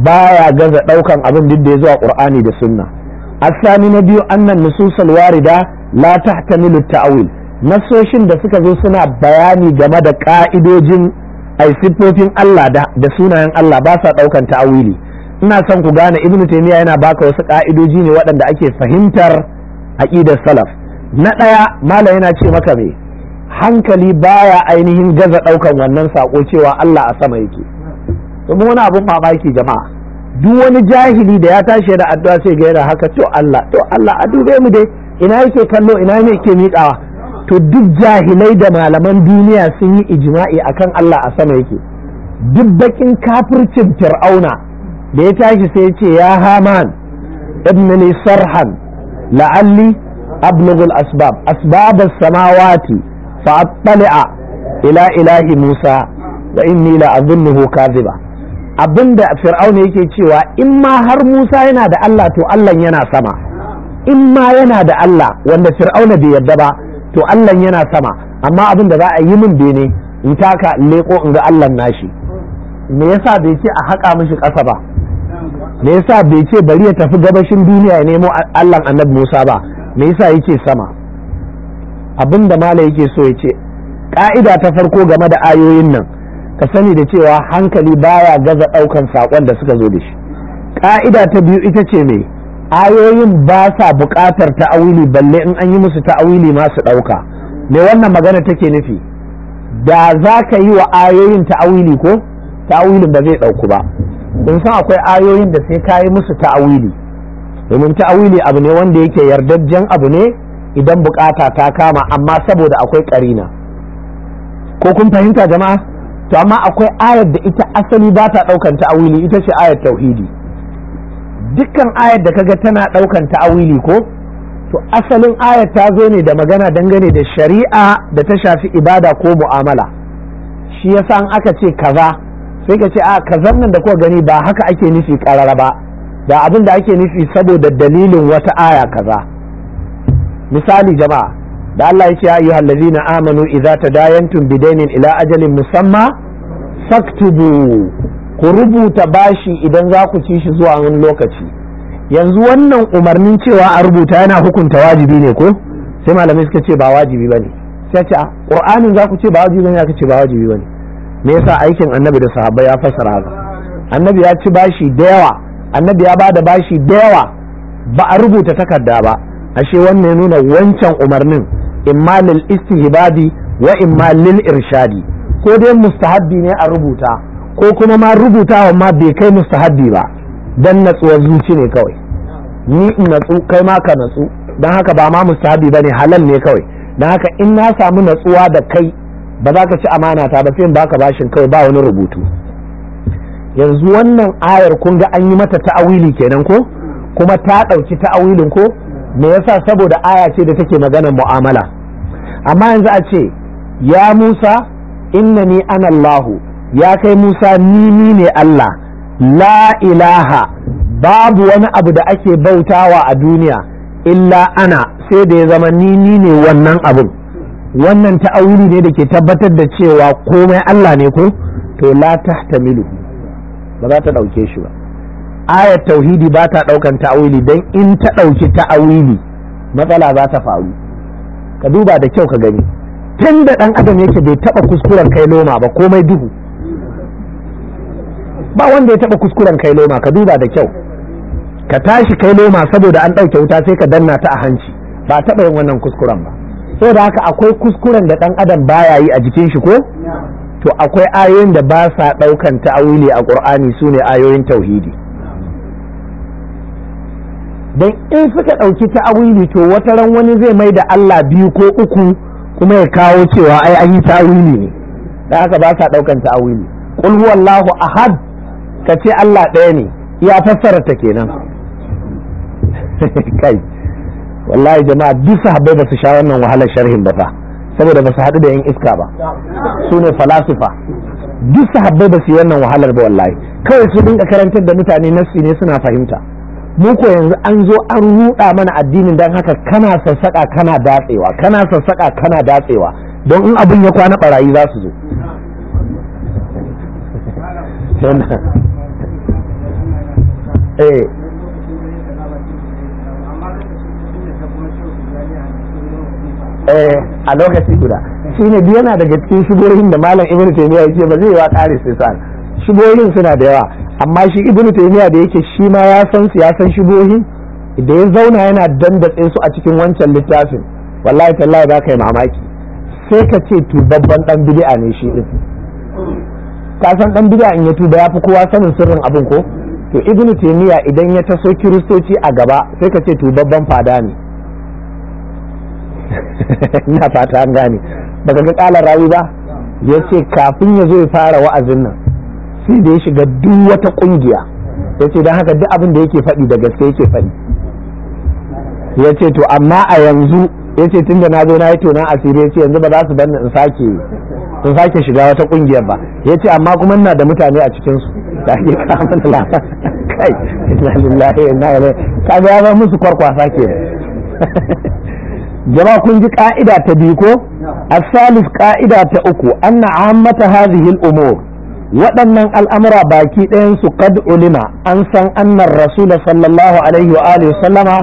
baya gaza ɗaukan abin duk da ya zuwa qur'ani da sunna A sani na biyu annan nususul warida la tahtamilu ta'wil nasoshin da suka zo suna bayani game da ka'idojin ai Allah da sunayen Allah ba sa daukan ta'wili ina son ku gane ibnu taymiya yana baka wasu ka'idoji ne waɗanda ake fahimtar aqidar salaf na ɗaya malam yana ce maka me hankali baya ainihin gaza ɗaukan wannan sako cewa Allah a sama yake domin wani abun mamaki jama'a duk wani jahili da ya tashi da addu'a sai ga yana haka to Allah to Allah a dube mu dai ina yake kallo ina ne yake miƙawa to duk jahilai da malaman duniya sun yi ijma'i akan Allah a sama yake duk bakin kafircin fir'auna da ya tashi sai ya ce ya haman ibnani sarhan la'alli ablughu al-asbab asbab as-samawati fa ila ilahi musa wa inni la'adhunnuhu kadhiba Abin da fir'auna yake cewa in ma har Musa yana da Allah to Allah yana sama in ma yana da Allah wanda fir'auna bai yarda ba to Allah yana sama amma abin da za a yi min bene in taka leko in ga Allah nashi me yasa bai ce a haƙa mishi ƙasa ba me yasa bai ce bari ya tafi gabashin duniya ya nemo Allah annabi Musa ba me yasa yake sama abin da mala yake so ya ce ƙa'ida ta farko game da ayoyin nan ka sani da cewa hankali baya gaza ɗaukan sakon da suka zo da shi ƙa'ida ta biyu ita ce mai ayoyin ba sa buƙatar ta'awili balle in an yi musu ta'awili ma su ɗauka me wannan magana take nufi da za ka yi wa ayoyin ta'awili ko ta'awilin ba zai ɗauku ba in san akwai ayoyin da sai ka yi musu ta'awili domin ta'awili abu ne wanda yake yardajjen abu ne idan bukata ta kama amma saboda akwai karina ko kun fahimta jama'a to amma akwai ayar da ita asali ba ta ɗaukan ta'awili ita ce ayar tauhidi dukkan ayar da kaga tana ɗaukan ta'awili ko to asalin ayar ta zo ne da magana dangane da shari'a da ta shafi ibada ko mu'amala shi yasa an aka ce kaza sai ka ce a kazan nan da kuka gani ba haka ake nufi karara ba da abin da ake nufi saboda dalilin wata aya kaza misali jama'a da Allah yake ya ayyuhal ladzina amanu idza tadayantum bidainin ila ajalin musamma faktubu ku rubuta bashi idan za ku ci shi zuwa wani lokaci yanzu wannan umarnin cewa a rubuta yana hukunta wajibi ne ko sai malamai suka ce ba wajibi bane sai ce qur'anin za ku ce ba wajibi bane aka ce ba wajibi bane me yasa aikin annabi da sahabbai ya fasara haka annabi ya ci bashi da yawa annabi ya bada bashi da yawa ba a rubuta takarda ba ashe wannan nuna wancan umarnin imma lil istihbabi wa imma lil irshadi ko dai mustahabbi ne a rubuta ko kuma ma rubutawa ma bai kai mustahabbi ba dan natsuwa zuci ne kawai ni in natsu kai ma ka natsu dan haka ba ma mustahabbi bane halal ne kawai dan haka in na samu natsuwa da kai ba za ka ci amana ta ba sai in baka bashin kawai ba wani rubutu yanzu wannan ayar kun ga an yi mata ta'awili kenan ko kuma ta ɗauki ta'awilin ko me yasa saboda aya ce da take maganar mu'amala amma yanzu a ce ya Musa innani anallahu ya kai Musa ni ni ne Allah la ilaha babu wani abu da ake bautawa a duniya illa ana sai da ya zama ni ni ne wannan abun wannan ta'auri ne da ke tabbatar da cewa komai Allah ne ko to la tahtamilu ba za ta ɗauke shi ba ayar tauhidi ba ta ɗaukan ta'awili don in ta ɗauki ta'awili matsala za ta faru ka duba da kyau ka gani tun da ɗan adam yake bai taɓa kuskuren kai loma ba komai duhu ba wanda ya taɓa kuskuren kai loma ka duba da kyau ka tashi kai loma saboda an ɗauke wuta sai ka danna ta a hanci ba taɓa yin wannan kuskuren ba saboda haka akwai kuskuren da ɗan adam baya yi a jikin shi ko to akwai ayoyin da ba sa ɗaukan ta'awili a ƙur'ani su ne ayoyin tauhidi don in suka ɗauki ta'awili to wata ran wani zai mai da Allah biyu ko uku kuma ya kawo cewa ai an yi ta'awili ne da haka ba sa ɗaukan ta'awili qul huwallahu ahad ka ce Allah ɗaya ne ya fassara ta kenan [LAUGHS] kai wallahi jama'a duk sahabbai ba su sha wannan wahalar sharhin ba fa saboda ba su haɗu da yan iska ba su ne falasifa duk sahabbai ba su yi wannan wahalar ba wallahi kawai su dinga karantar da mutane nafsi ne suna fahimta mu ko yanzu an zo an ruɗa mana addinin don haka kana sassaƙa kana datsewa kana sassaƙa kana datsewa don in abin ya kwana barayi za su zo [LAUGHS] eh. Eh, a lokaci guda shi ne biyu yana daga cikin shigorin da malam ibn taymiya ya ce ba zai yi wa ƙari sai sa shigorin suna da yawa amma shi ibnu taymiya da yake shi ma ya san su ya san shubohin da ya zauna yana dandatse su a cikin wancan littafin wallahi tallahi ba kai mamaki sai ka ce to babban dan bid'a ne shi din ka san dan bid'a in ya tuba ya fi kowa sanin sirrin abin ko to ibnu taymiya idan ya taso kiristoci a gaba sai ka ce to babban fada ne [LAUGHS] ina fata an gane baka ga kala rawi ba ya ce kafin ya zo ya fara wa'azin nan sai da ya shiga duk wata kungiya ya ce don haka duk abin da yake faɗi da gaske yake faɗi ya ce to amma a yanzu ya ce tun da na zo na yi tonon asiri ya ce yanzu ba za su bar in sake in sake shiga wata kungiyar ba ya ce amma kuma ina da mutane a cikinsu da ake kama da [LAUGHS] kai ina lillahi ina ka ga ya musu kwarkwasa ke [LAUGHS] jama kun ji ka'ida ta biyu ko asalis ka'ida ta uku anna ammata hadhihi al-umur waɗannan al'amura baki ɗayansu kad ulima an san annar rasula sallallahu alaihi wa alihi sallama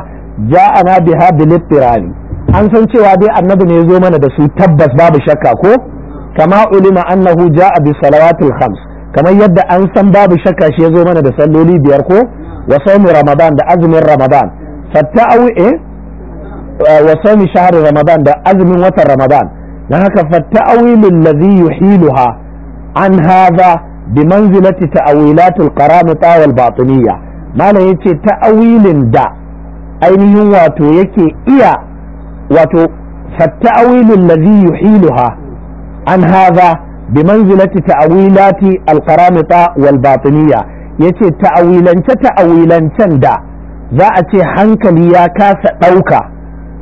ja'ana biha bilittirani an san cewa dai annabi ne zo mana da su tabbas babu shakka ko kama ulima annahu ja'a bi salawatil khams kamar yadda an san babu shakka shi ya zo mana da salloli biyar ko wa sawmi ramadan da azumin ramadan fatta'u eh? wa sawmi shahri ramadan da azumin watan ramadan dan haka fatta'u lillazi yuhiluha an hadha bi manzilati ta'wilatul qaramita wal batiniyya malam yace ta'awilin da ainihin wato yake iya wato fatta'awilul ladhi yuhiluha an hadha bi manzilati ta'wilati al qaramita wal batiniyya yace ta'awilance ta'awilancen da za a ce hankali ya kasa ɗauka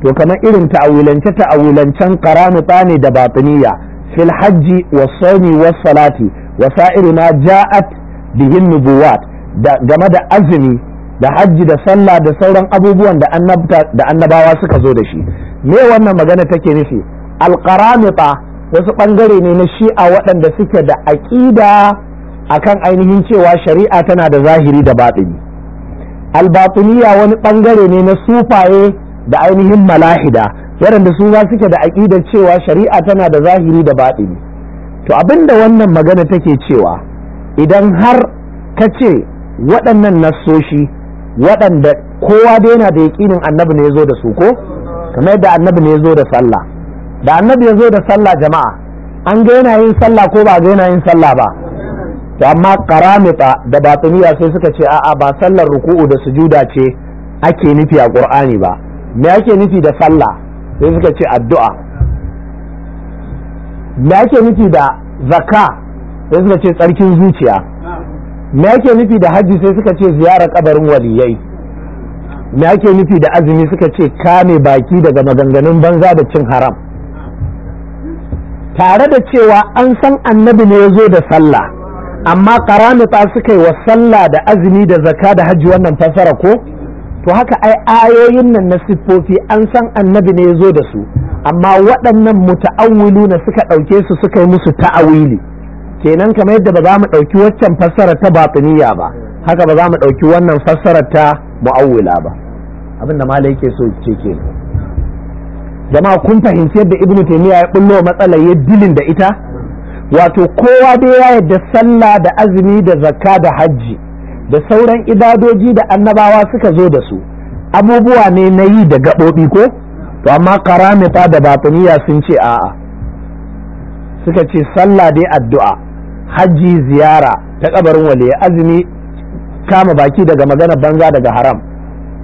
to kamar irin ta'awilance ta'awilancen karamita ne da batiniya fil Wasani Wasalati sawmi wa salati wa sa'iri ma da game da azumi da hajji da sallah da sauran abubuwan da da annabawa suka zo da shi me wannan magana take nufi alqaramita wasu bangare ne na shi'a waɗanda suke da aqida akan ainihin cewa shari'a tana da zahiri da batini albatiniya wani ɓangare ne na sufaye da ainihin malahida waɗanda su ma suke da aƙidar cewa shari'a tana da zahiri da baɗini to abinda wannan magana take cewa idan har ka ce waɗannan nassoshi waɗanda kowa da yana da yaƙinin annabi ne ya zo da su ko kamar yadda annabi ne ya zo da sallah da annabi ya zo da sallah jama'a an ga yana yin sallah ko ba ga yana yin sallah ba to amma karamita da batiniya sai suka ce a'a ba sallar ruku'u da sujuda ce ake nufi a qur'ani ba me ake nufi da sallah sai suka ce addu'a me yake nufi da zaka sai suka ce tsarkin zuciya me yake nufi da hajji sai suka ce ziyarar kabarin waliyai me yake nufi da azumi suka ce kame baki daga maganganun banza da cin haram tare da cewa an san annabi ne ya zo da sallah amma karamita suka yi wa sallah da azumi da zaka da hajji wannan fasara ko to haka ai ayoyin nan na siffofi an san annabi ne ya zo da su amma waɗannan muta'awwilu na suka ɗauke su suka yi musu ta'awili kenan kamar yadda ba za mu ɗauki waccan fassara ta batiniya ba haka ba za mu ɗauki wannan fassarar ta mu'awwila ba abin da malai yake so ce ke jama'a kun fahimci yadda ibn taymiya ya bullo matsalar ya dilin da ita wato kowa dai ya yarda sallah da azumi da zakka da hajji da sauran ibadoji da annabawa suka zo da su abubuwa ne na yi da gaɓoɓi ko to amma karamita da batiniya sun ce a'a suka ce sallah dai addu'a hajji ziyara ta kabarin wale azumi kama baki daga magana banza daga haram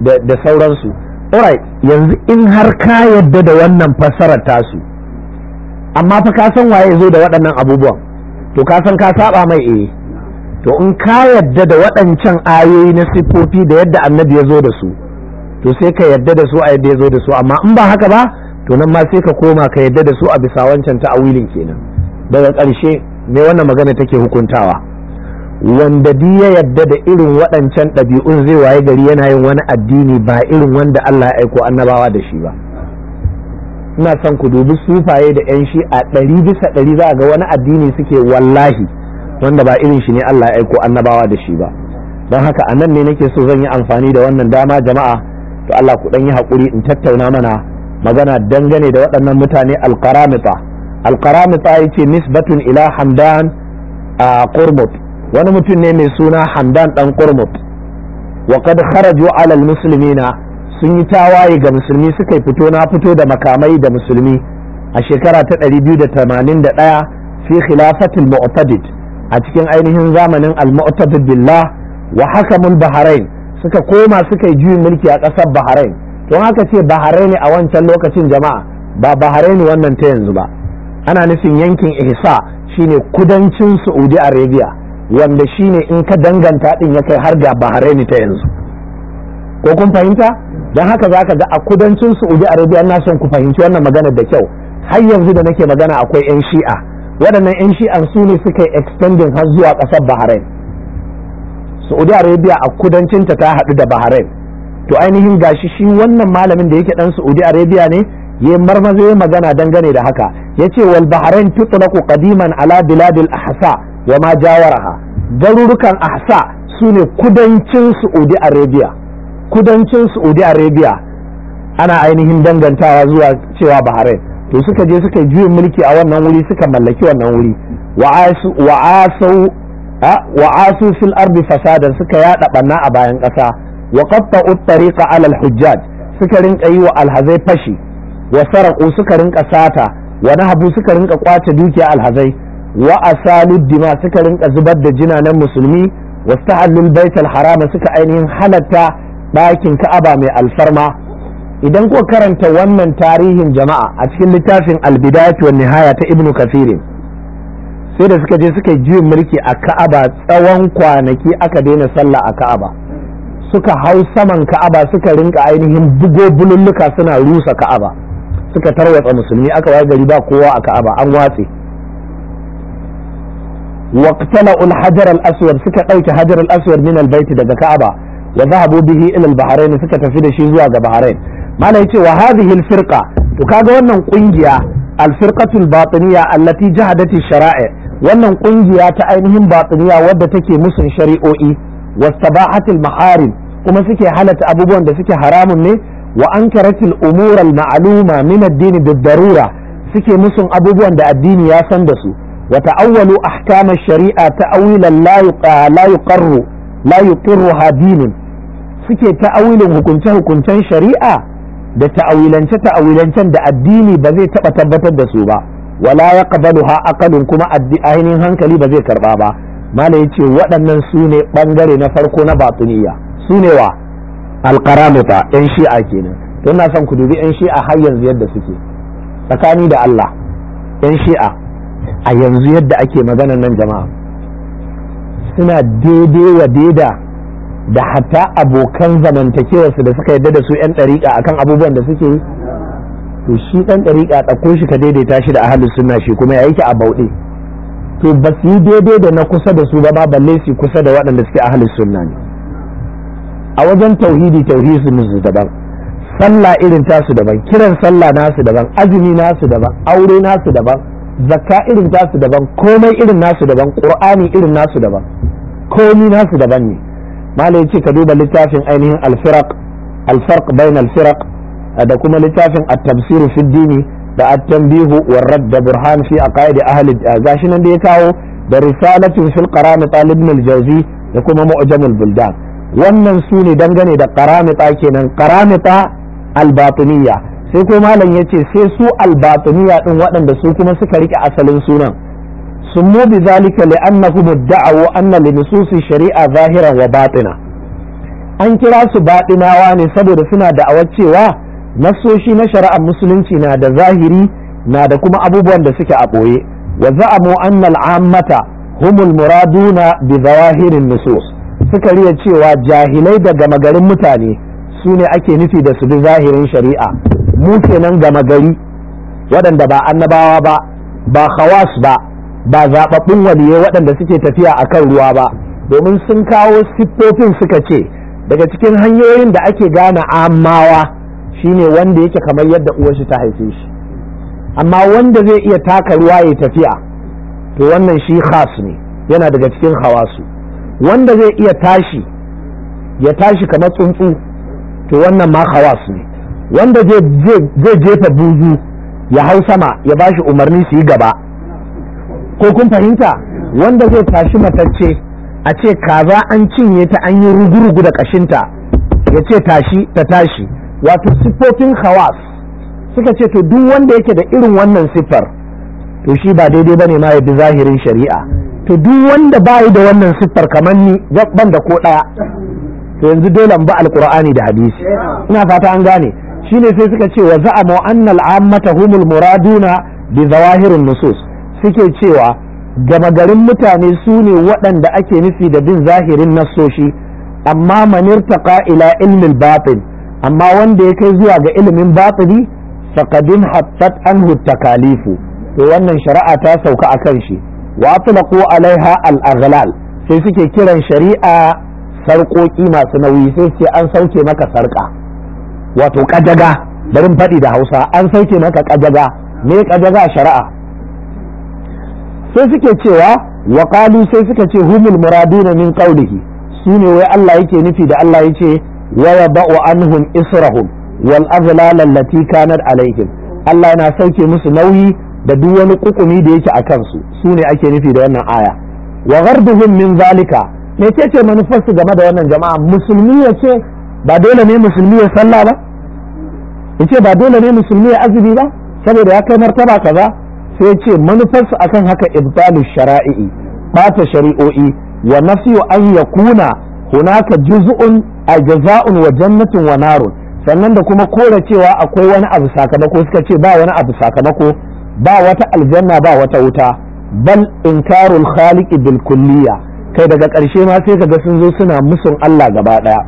da sauransu alright yanzu in har ka yadda da wannan fassarar tasu amma fa ka san waye zo da waɗannan abubuwan to ka san ka saba mai eh to in ka yadda da waɗancan ayoyi na siffofi da yadda annabi ya zo da su to sai ka yadda da su a yadda ya zo da su amma in ba haka ba to nan ma sai ka koma ka yadda da su a bisa wancan ta'awilin kenan daga ƙarshe me wannan magana take hukuntawa wanda duk ya yadda da irin waɗancan ɗabi'un zai waye gari yana yin wani addini ba irin wanda Allah ya aiko annabawa da shi ba ina son ku dubi sufaye da 'yan shi a ɗari bisa ɗari za ga wani addini suke wallahi wanda ba irin shi ne Allah ya aiko annabawa da shi ba don haka a nan ne nake so zan yi amfani da wannan dama jama'a to Allah ku dan yi hakuri in tattauna mana magana dangane da waɗannan mutane alqaramita alqaramita yace nisbatun ila hamdan a qurmut wani mutum ne mai suna hamdan dan qurmut wa qad kharaju ala almuslimina sun yi tawaye ga musulmi suka fito na fito da makamai da musulmi a shekara ta 281 fi khilafatul mu'tadid a cikin ainihin zamanin al-mu'tadid billah wa hakamun bahrain suka koma suka yi juyin mulki a ƙasar bahrain to haka ce bahrain a wancan lokacin jama'a ba bahrain wannan ta yanzu ba ana nufin yankin ihsa shine kudancin saudi arabia wanda shine in ka danganta din ya kai har ga bahrain ta yanzu ko kun fahimta don haka zaka ga a kudancin saudi arabia na son ku fahimci wannan magana da kyau har yanzu da nake magana akwai 'yan shi'a waɗannan 'yan shi'an su ne suka yi extending har zuwa ƙasar bahrain saudi arabia a kudancinta ta haɗu da bahrain to ainihin gashi shi wannan malamin da yake ɗan saudi arabia ne ya marmaza ya magana dangane da haka ya ce wal bahrain tutlaqu qadiman ala biladil ahsa wa ma jawaraha garurukan ahsa su ne kudancin saudi arabia kudancin saudi arabia ana ainihin dangantawa zuwa cewa bahrain to suka je suka yi mulki a wannan wuri suka mallaki wannan wuri wa asu fil ardi fasadan suka yada banna a bayan ƙasa wa qatta'u tariqa ala al hujjaj suka rinka yi wa alhazai fashi wa saraqu suka rinka sata wa nahabu suka rinka kwace dukiya alhazai wa asalu dima suka rinka zubar da jinanan musulmi wa stahallul baitul harama suka ainihin halatta ɗakin ka'aba mai alfarma idan ko karanta wannan tarihin jama'a a cikin littafin albidayatu wa nihaya ta ibnu kafirin sai da suka je suka juyin mulki a ka'aba tsawon kwanaki aka daina sallah a ka'aba suka hau saman ka'aba suka rinka ainihin bugo bululluka suna rusa ka'aba suka tarwatsa musulmi aka waye gari ba kowa a ka'aba an watse waqtala al hajar al aswad suka dauke hajar al aswad min al bait daga ka'aba wa zahabu bihi ila al bahrain suka tafi da shi zuwa ga bahrain malai ce wa hadhihi alfirqa to kaga wannan kungiya alfirqatul batiniya allati jahadati shara'i wannan kungiya ta ainihin batiniya wadda take musun shari'o'i wastabahatil maharim kuma suke halatta abubuwan da suke haramun ne wa ankaratil umural al-ma'luma min ad-din bid-darura suke musun abubuwan da addini ya san da su wa ta'awwalu ahkama shari'a ta'awilan la yuqarru la yuqirruha suke ta'awilin hukunce-hukuncen shari'a da ta'awilance ta'awilancen da addini ba zai taba tabbatar da su ba wala a aqalun kuma ainihin hankali ba zai karba ba mala yace waɗannan su ne bangare na farko na batuniya. su ne wa alqaramita yan shi'a kenan don na son ku dubi yan shi'a har yanzu yadda suke tsakani da Allah yan shi'a a yanzu yadda ake maganar nan jama'a suna daidai wa daida da hatta abokan zamantakewarsu da suka yadda da su 'yan ɗariƙa akan abubuwan da suke yi to shi ɗan ɗariƙa ɗauko shi ka daidaita shi da ahalin sunna shi kuma ya yake a bauɗe to ba su yi daidai da na kusa da su ba ba balle su kusa da waɗanda suke ahalin sunna ne a wajen tauhidi tauhidi su daban sallah irin tasu daban kiran sallah nasu daban azumi nasu daban aure nasu daban zakka irin tasu daban komai irin nasu daban qur'ani irin nasu daban komai nasu daban ne malai ce ka duba littafin ainihin alfirak alfarq bain alfirak eh, da kuma littafin at-tafsir fi dini da at-tanbihu war radd da burhan fi aqaid ahli eh, gashi nan da ya kawo da risalatu fil qaram talib al-jawzi da kuma al buldan wannan su ne dangane da qaramita kenan qaramita al-batiniyya sai ko malam yace sai su al-batiniyya din waɗanda su kuma suka rike asalin sunan سموا بذلك لأنهم ادعوا أن لنصوص الشريعة ظاهرا وباطنا an kira su baɗinawa ne saboda suna da'awar cewa nassoshi na shari'ar musulunci na da zahiri na da kuma abubuwan da suke a ɓoye wa a anna al'ammata humul muraduna bi zawahirin nusus suka riya cewa jahilai da gama garin mutane su ne ake nufi da su bi zahirin shari'a mu kenan gama gari waɗanda ba annabawa ba ba khawas ba ba zaɓaɓɓun waliyai waɗanda suke tafiya a kan ruwa ba domin sun kawo siffofin suka ce daga cikin hanyoyin da ake gane amawa shine wanda yake kamar yadda uwarshi ta haife shi amma wanda zai iya taka ruwa ya tafiya to wannan shi khas ne yana daga cikin hawasu wanda zai iya tashi ya tashi kamar tsuntsu to wannan ma hawasu ne wanda zai jefa buzu ya hau sama ya bashi umarni su yi gaba ko kun fahimta wanda zai tashi matacce a ce kaza an cinye ta an yi rugurugu da kashinta ya ce tashi ta tashi wato siffofin hawas suka ce to duk wanda yake da irin wannan siffar to shi ba daidai bane ma ya bi zahirin shari'a to duk wanda bayi da wannan siffar kamar ni gaban da ko daya to yanzu dole in bi alqur'ani da hadisi ina fata an gane shine sai suka ce wa za'ama annal ammata humul muraduna bi zawahirin nusus suke cewa gama garin mutane su ne waɗanda ake nufi da bin zahirin nassoshi amma manirta ila ilmin batin amma wanda ya kai zuwa ga ilimin batini faqadin hattat anhu takalifu to wannan shari'a ta sauka a kan shi wa atlaqu alaiha al-aghlal sai suke kiran shari'a sarƙoƙi masu nauyi sai ce an sauke maka sarƙa wato kajaga bari faɗi da Hausa an sauke maka kajaga me kajaga shari'a sai suke cewa wa qalu sai suka ce humul muraduna min qawlihi su ne wai Allah yake nufi da Allah yace wa ba'u anhum israhum wal aghlal allati kanat alaihim Allah yana sauke musu nauyi da duk wani kukumi da yake a kansu su ne ake nufi da wannan aya wa gharduhum min zalika mecece su game da wannan jama'a musulmi ya ce ba dole ne musulmi ya sallah ba ya ce ba dole ne musulmi ya azumi ba saboda ya kai martaba kaza sai ce manufarsu akan haka ibtalu shara'i bata shari'o'i wa nafyu an yakuna hunaka juz'un ajza'un wa jannatin wa narun sannan da kuma kore cewa akwai wani abu sakamako suka ce ba wani abu sakamako ba wata aljanna ba wata wuta bal inkarul khaliqi bil kulliya kai daga ƙarshe ma sai kaga sun zo suna musun Allah gaba daya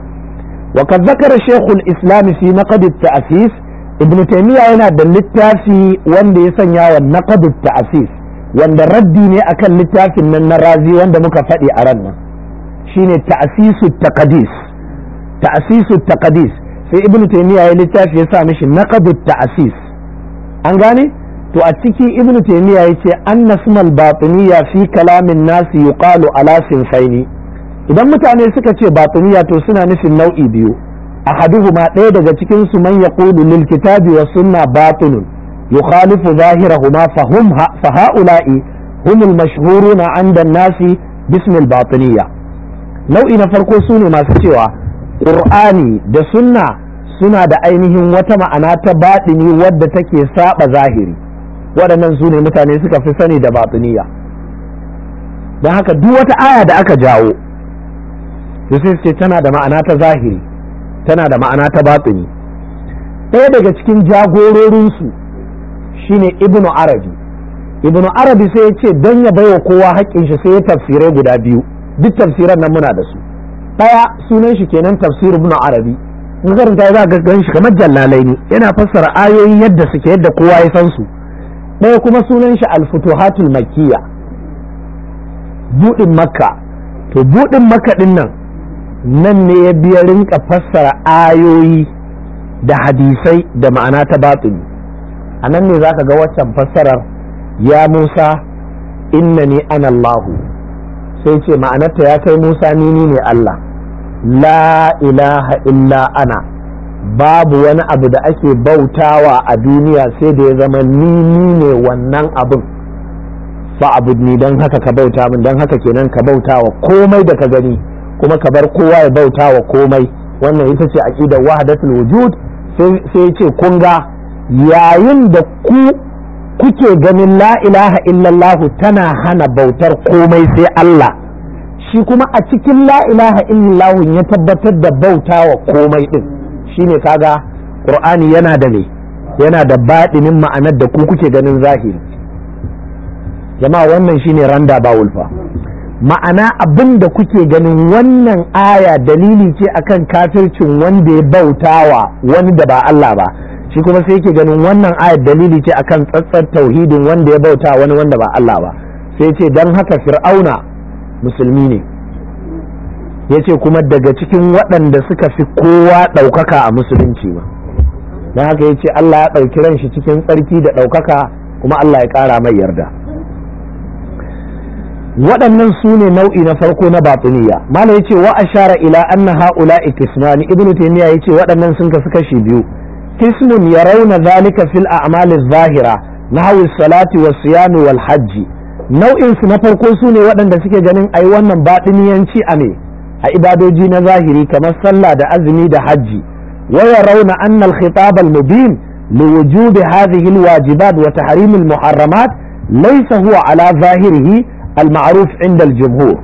wa kad zakara shaykhul islam fi naqd tasis ibn taymiya yana da littafi wanda ya sanya wa naqd ta'sis wanda raddi ne akan littafin nan na razi wanda muka faɗi a ran nan shine ta'sisu taqdis ta'sisu taqdis sai ibn taymiya ya littafi ya sa mishi naqd ta'sis an gane to a ciki ibn taymiya yace anna sumal batiniya fi kalamin nasi yuqalu ala sinfaini idan mutane suka ce batiniya to suna nufin nau'i biyu ahaduhuma ɗaya daga cikin su man yaqulu lil kitabi was sunna batilun yukhalifu zahirahuma fa hum fa haula'i humul mashhuruna 'inda an-nasi bism al-batiniyya nau'i na farko sune masu cewa Ƙur'ani da sunna suna da ainihin wata ma'ana ta batini wadda take saɓa zahiri waɗannan su ne mutane suka fi sani da batiniya Da haka duk wata aya da aka jawo sai tana da ma'ana ta zahiri tana da ma'ana ta batsini ɗaya daga cikin jagororinsu shine ibnu arabi ibnu arabi sai ya ce don ya baiwa kowa haƙƙin shi sai ya tafsirai guda biyu duk tafsiran nan muna da su ɗaya sunan shi kenan tafsir ibnu arabi in karanta za ga gan shi kamar jallalai ne yana fassara ayoyi yadda suke yadda kowa ya san su ɗaya kuma sunan shi alfutuhatul makiyya buɗin makka to buɗin makka ɗin nan nan ne ya biya rinka fassara ayoyi da hadisai da ma'ana ta batsuni a nan ne za ka ga waccan fassarar ya musa Inna ana Anallahu. sai ce ma'anarta ya kai musa nini ne allah la ilaha illa ana babu wani abu da ake bautawa a duniya sai da ya zama nini ne wannan abin fa abu ni don haka ka bauta min don haka kenan ka bautawa komai da ka gani kuma ka bar kowa ya bauta wa komai wannan ita ce aqidar wahdatul wujud sai ce kun ga yayin da ku kuke ganin la ilaha illallah tana hana bautar komai sai Allah shi kuma a cikin la ilaha illallah ya tabbatar da bauta wa komai din shine kaga qur'ani yana da ne? yana da baɗinin ma'anar da ku kuke ganin zahiri jama'a wannan shine randa ba wulfa ma'ana abin da kuke ganin wannan aya dalili ce akan kafircin wanda ya bautawa wani da ba Allah ba shi kuma sai yake ganin wannan aya dalili ce akan tsatsar tauhidin wanda ya bauta wani wanda ba Allah ba sai ce don haka fir'auna musulmi ne ya ce kuma daga cikin waɗanda suka fi kowa ɗaukaka a musulunci ba don haka ya ce Allah ya ɗauki ran shi cikin tsarki da ɗaukaka kuma Allah ya ƙara mai yarda waɗannan su ne nau'i na farko na batiniya malam yace wa ashara ila anna haula ikismani ibn taymiya yace waɗannan sun kasu kashi biyu kismun yarawna a fil a'mal zahira nahwi salati was siyam wal hajji nau'in su na farko su ne waɗanda suke ganin ai wannan batiniyanci a ne a ibadoji na zahiri kamar sallah da azumi da hajji wa yarawna anna al khitab al mubin liwujub hadhihi al wajibat wa tahrim al muharramat laysa huwa ala zahirihi al-ma'ruf inda al-jumhur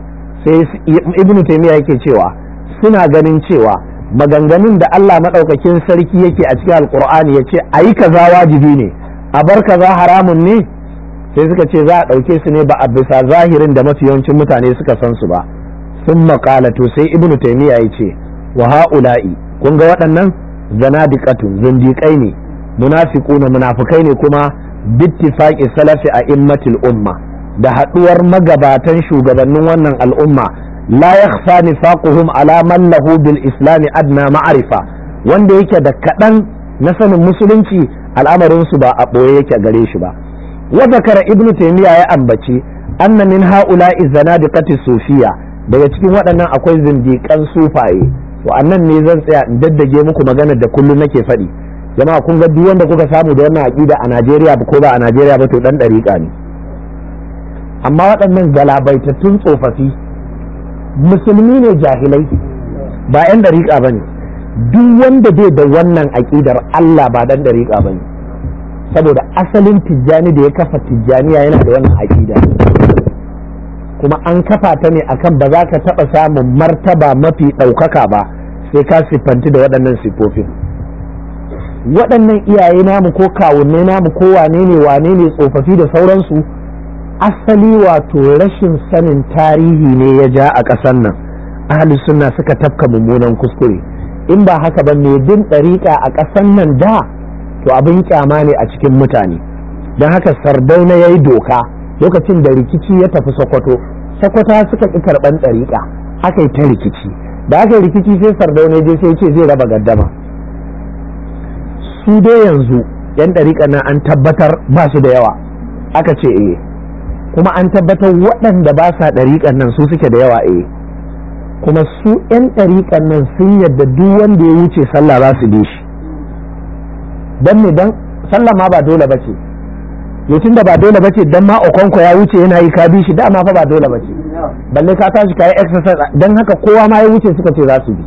sai ibnu taymiya yake cewa suna ganin cewa maganganun da Allah Maɗaukakin sarki yake a cikin alqur'ani yace ayi kaza wajibi ne a bar kaza haramun ne sai suka ce za a dauke su ne ba a bisa zahirin da mafi yawancin mutane suka san su ba sun maƙala to sai ibnu taymiya yace wa ha'ula'i kun ga waɗannan zanadiqatun zindiqai ne munafiquna munafikai ne kuma bittifaqi salafi a immatil umma da haɗuwar magabatan shugabannin wannan al'umma la yakhfa nifaquhum ala man lahu bil islam adna ma'arifa wanda yake da kaɗan na sanin musulunci al'amarin su ba a ɓoye yake gare shi ba wa zakara ibnu taymiya ya ambaci anna min haula'i zanadiqati sufiya daga cikin waɗannan akwai zindiƙan sufaye wa'annan ne zan tsaya in daddage muku magana da kullum nake faɗi jama'a kun ga duk wanda kuka samu da wannan aƙida a Najeriya ko ba a Najeriya ba to dan ɗariƙa ne amma waɗannan galabaitattun tsofaffi musulmi ne jahilai ba 'yan dariƙa ba ne duk wanda bai da wannan aƙidar Allah ba dan dariƙa ba ne saboda asalin tijjani da ya kafa tijjaniya yana da wannan aƙida kuma an kafa ta ne akan ba za ka taɓa samun martaba mafi ɗaukaka ba sai ka siffanti da waɗannan siffofin waɗannan iyaye namu ko kawunne namu ko wane ne wane ne tsofaffi da sauransu asali wato rashin sanin tarihi ne ya ja a ƙasar nan ahli suna suka tafka mummunan kuskure in ba haka ba mai bin ɗariƙa a ƙasar nan da to abin kyama ne a cikin mutane don haka sardauna ya yi doka lokacin da rikici ya tafi sokoto sokoto suka ƙi karɓan ɗariƙa aka yi ta rikici da aka rikici sai sardauna je sai ce zai raba gaddama su dai yanzu yan ɗariƙa na an tabbatar ba su da yawa aka ce eh kuma an tabbatar waɗanda ba sa ɗariƙan nan su suke da yawa eh kuma su ɗan ɗariƙan nan sun yadda duk wanda ya wuce sallah za su bi shi don ne don sallah ma ba dole bace yacin da ba dole bace don ma okonko ya wuce yana yi ka bi shi dama fa ba dole bace balle ka tashi ka yi exercise don haka kowa ma ya wuce suka ce za su bi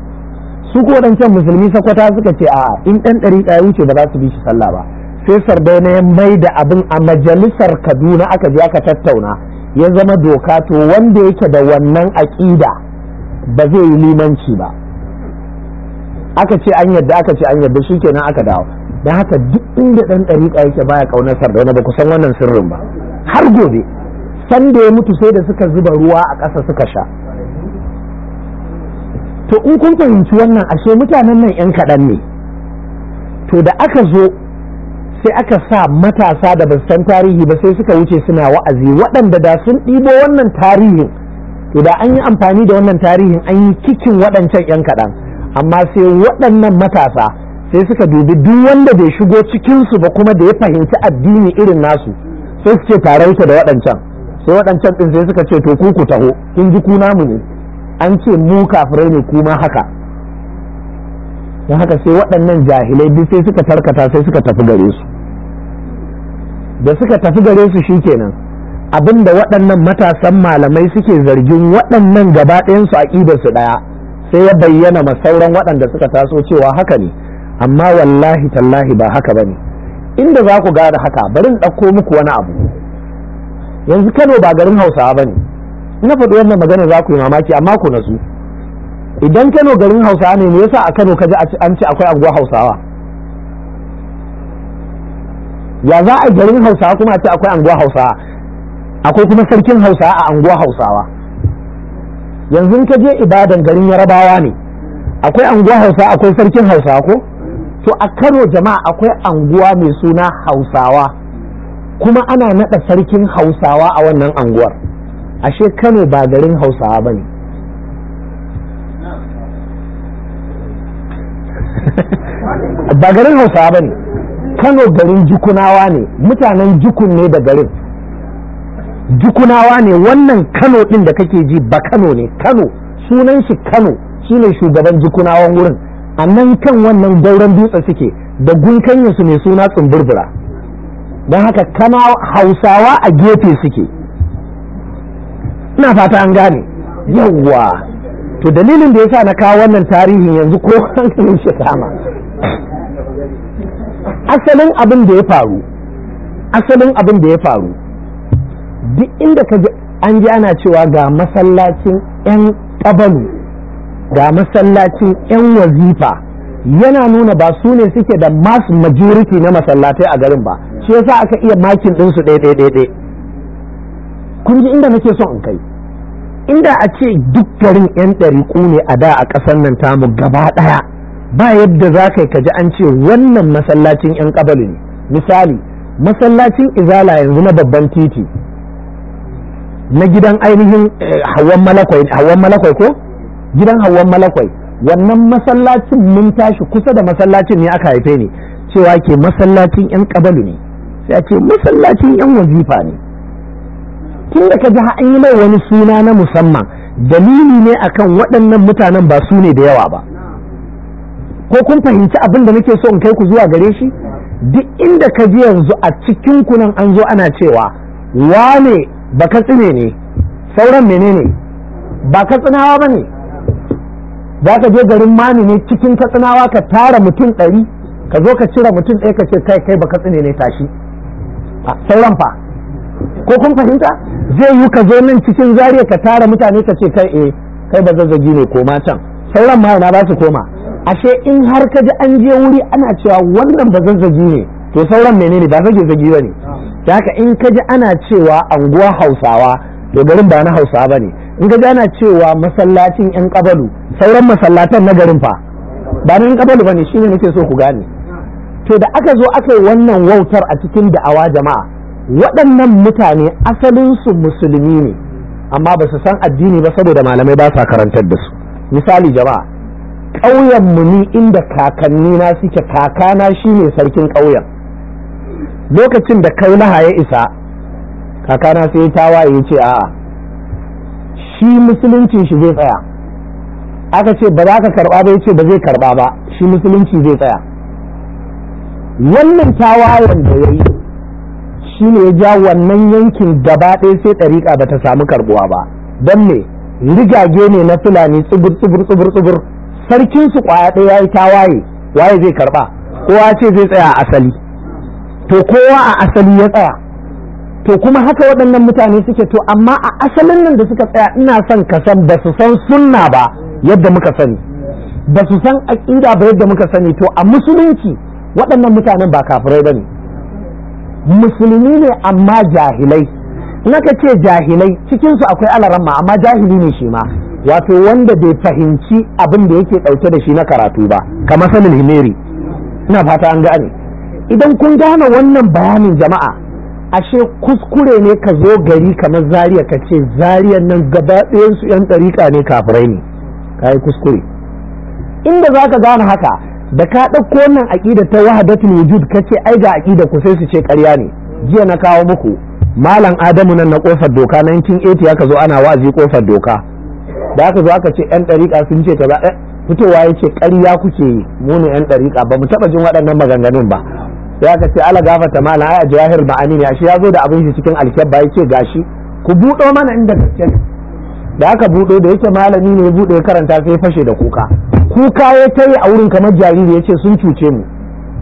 su ko waɗancan musulmi sakwata suka ce a'a in ɗan ɗariƙa ya wuce ba za su bi shi sallah ba sai na ya mai da abin a majalisar kaduna aka je aka tattauna ya zama doka to wanda yake da wannan aƙida ba zai yi limanci ba aka ce an yadda aka ce an yadda nan aka dawo da haka duk inda ɗan ɗariƙa yake baya ƙaunar sardauna ba kusan wannan sirrin ba har gobe sanda ya mutu sai da suka zuba ruwa a ƙasa suka sha to in kun fahimci wannan ashe mutanen nan 'yan kaɗan ne to da aka zo sai aka sa matasa da ba san tarihi ba sai suka wuce suna wa'azi waɗanda da sun ɗibo wannan tarihin to da an yi amfani da wannan tarihin an yi kikin waɗancan 'yan kaɗan amma sai waɗannan matasa sai suka dubi duk wanda bai shigo cikinsu ba kuma da ya fahimci addini irin nasu sai su ce tarauta da waɗancan sai waɗancan ɗin sai suka ce to ku ku taho kin ji ku namu ne an ce mu kafirai ne kuma haka don haka sai waɗannan jahilai duk sai suka tarkata sai suka tafi gare su da suka tafi gare su shikenan abinda waɗannan matasan malamai suke zargin waɗannan gaba ɗayansu aƙidar su ɗaya sai ya bayyana ma sauran waɗanda suka taso cewa haka ne amma wallahi tallahi ba haka bane inda za ku gada haka bari in ɗauko muku wani abu yanzu Kano ba garin Hausawa ba ne, ina faɗi wannan magana za ku yi mamaki amma ku nasu idan Kano garin Hausawa ne me yasa a Kano kaji an ce akwai anguwa Hausawa ya za a garin Hausawa kuma a ce akwai anguwa Hausawa akwai kuma sarkin Hausawa a anguwa Hausawa yanzu ka je ibadan garin Yarabawa ne akwai anguwa Hausawa akwai sarkin Hausawa ko to a Kano jama'a akwai anguwa mai suna Hausawa kuma ana naɗa sarkin Hausawa a wannan anguwar ashe Kano ba garin Hausawa ba ne? ba garin hausawa ba ne kano garin jikunawa ne mutanen jikun ne da garin jikunawa ne wannan kano ɗin da kake ji ba kano ne kano sunan shi kano shi ne shugaban jikunawan wurin a nan kan wannan dauran dutse suke da gunkanyarsu ne suna tsumburbura don haka kana hausawa a gefe suke ina fata an gane yawwa to dalilin da ya sa na kawo wannan tarihin yanzu ko hankalin [LAUGHS] shi kama asalin abin da ya faru asalin abin da ya faru duk inda ka an ji ana cewa ga masallacin 'yan ƙabalu ga masallacin 'yan wazifa yana nuna ba su ne suke da mass majority na masallatai a garin ba shi yasa aka iya makin ɗinsu ɗaya ɗaya ɗaya kun ji inda nake son in kai inda a ce duk garin 'yan ɗariƙu ne a da a ƙasar nan tamu gaba ɗaya ba yadda za ka yi ka ji an ce wannan masallacin 'yan ƙabali ne misali masallacin izala yanzu na babban titi na gidan ainihin eh, hawan malakwai ko gidan hawan malakwai wannan masallacin mun tashi kusa da masallacin ne aka haife ni cewa ke masallacin 'yan ƙabali ne sai a masallacin 'yan wazifa ne tun da ka ji an yi mai wani suna na musamman dalili ne akan waɗannan mutanen ba su ne da yawa ba ko kun fahimci abin da nake so in kai ku zuwa gare shi duk inda ka ji yanzu a cikin nan an zo ana cewa wane ba ka tsine ne sauran menene ba ka tsinawa ba ne za ka je garin mani ne cikin ka tsinawa ka tara mutum ɗari ka zo ka cire mutum ɗaya ka ce kai kai ba ka tsine ne tashi sauran fa ko kun fahimta zai yi ka zo nan cikin zariya ka tara mutane ka ce kai eh kai ba zazzagi ne koma can sauran ma yana ba su koma ashe in har ka ji an je wuri ana cewa wannan ba zazzagi ne to sauran menene ba zage zagi ba ne da haka in ka ji ana cewa anguwa hausawa to garin ba na hausawa ba in ka ji ana cewa masallacin yan kabalu sauran masallatan na garin fa ba na yan kabalu ba shine nake so ku gane to da aka zo aka yi wannan wautar a cikin da'awa jama'a waɗannan mutane asalinsu musulmi ne amma ba su san addini ba saboda malamai ba sa karantar da su misali jama'a ƙauyen mu ni inda kakanni na suke kakana ne sarkin ƙauyen lokacin da kai na ya isa kakana sai tawaye ya ce a'a shi musulunci shi zai tsaya aka ce ba za ka karba ba ce ba zai karba ba shi musulunci zai tsaya wannan tawayen da ya yi shi ne ya ja wannan yankin gaba ɗaya sai ɗariƙa ba ta samu karbuwa ba don me rigage ne na fulani tsibir tsibir tsibir tsibir sarkin su kwaya ɗaya ya yi tawaye waye zai karɓa? kowa ce zai tsaya a asali to kowa a asali ya tsaya to kuma haka waɗannan mutane suke to amma a asalin nan da suka tsaya ina son ka san ba su san sunna ba yadda muka sani ba su san aƙida ba yadda muka sani to a musulunci waɗannan mutanen ba kafirai ba ne musulmi ne amma jahilai naka ce jahilai cikinsu akwai alaramma amma jahili ne shi ma wato wanda bai fahimci abin da yake ɗauke da shi na karatu ba kamar sanin himeri ina fata an gane idan kun gane wannan bayanin jama'a ashe kuskure ne ka zo gari kamar zariya ka ce zariyan nan gaba ɗayansu 'yan ɗariƙa ne kafirai ne ka yi kuskure inda za ka gane haka da ka ɗauko wannan aƙida ta wahadatul wujud kace ai ga aƙida ku sai su ce ƙarya ne jiya na kawo muku malam adamu nan na kofar doka 1980 aka zo ana wazi kofar doka da aka zo aka ce yan ɗariƙa sun ce kaza eh, fitowa ya ce ƙarya kuke yi mu ne yan ɗariƙa ba mu taɓa jin waɗannan maganganun ba sai aka ce ala gafata malam ai a jahir ma'ani ne ashe ya zo da abin shi cikin alkyabba ya ce gashi ku buɗo mana inda da aka buɗo da yake malami ne ya buɗe karanta sai fashe da kuka kuka ya ta yi a wurin kamar jariri ya ce sun cuce mu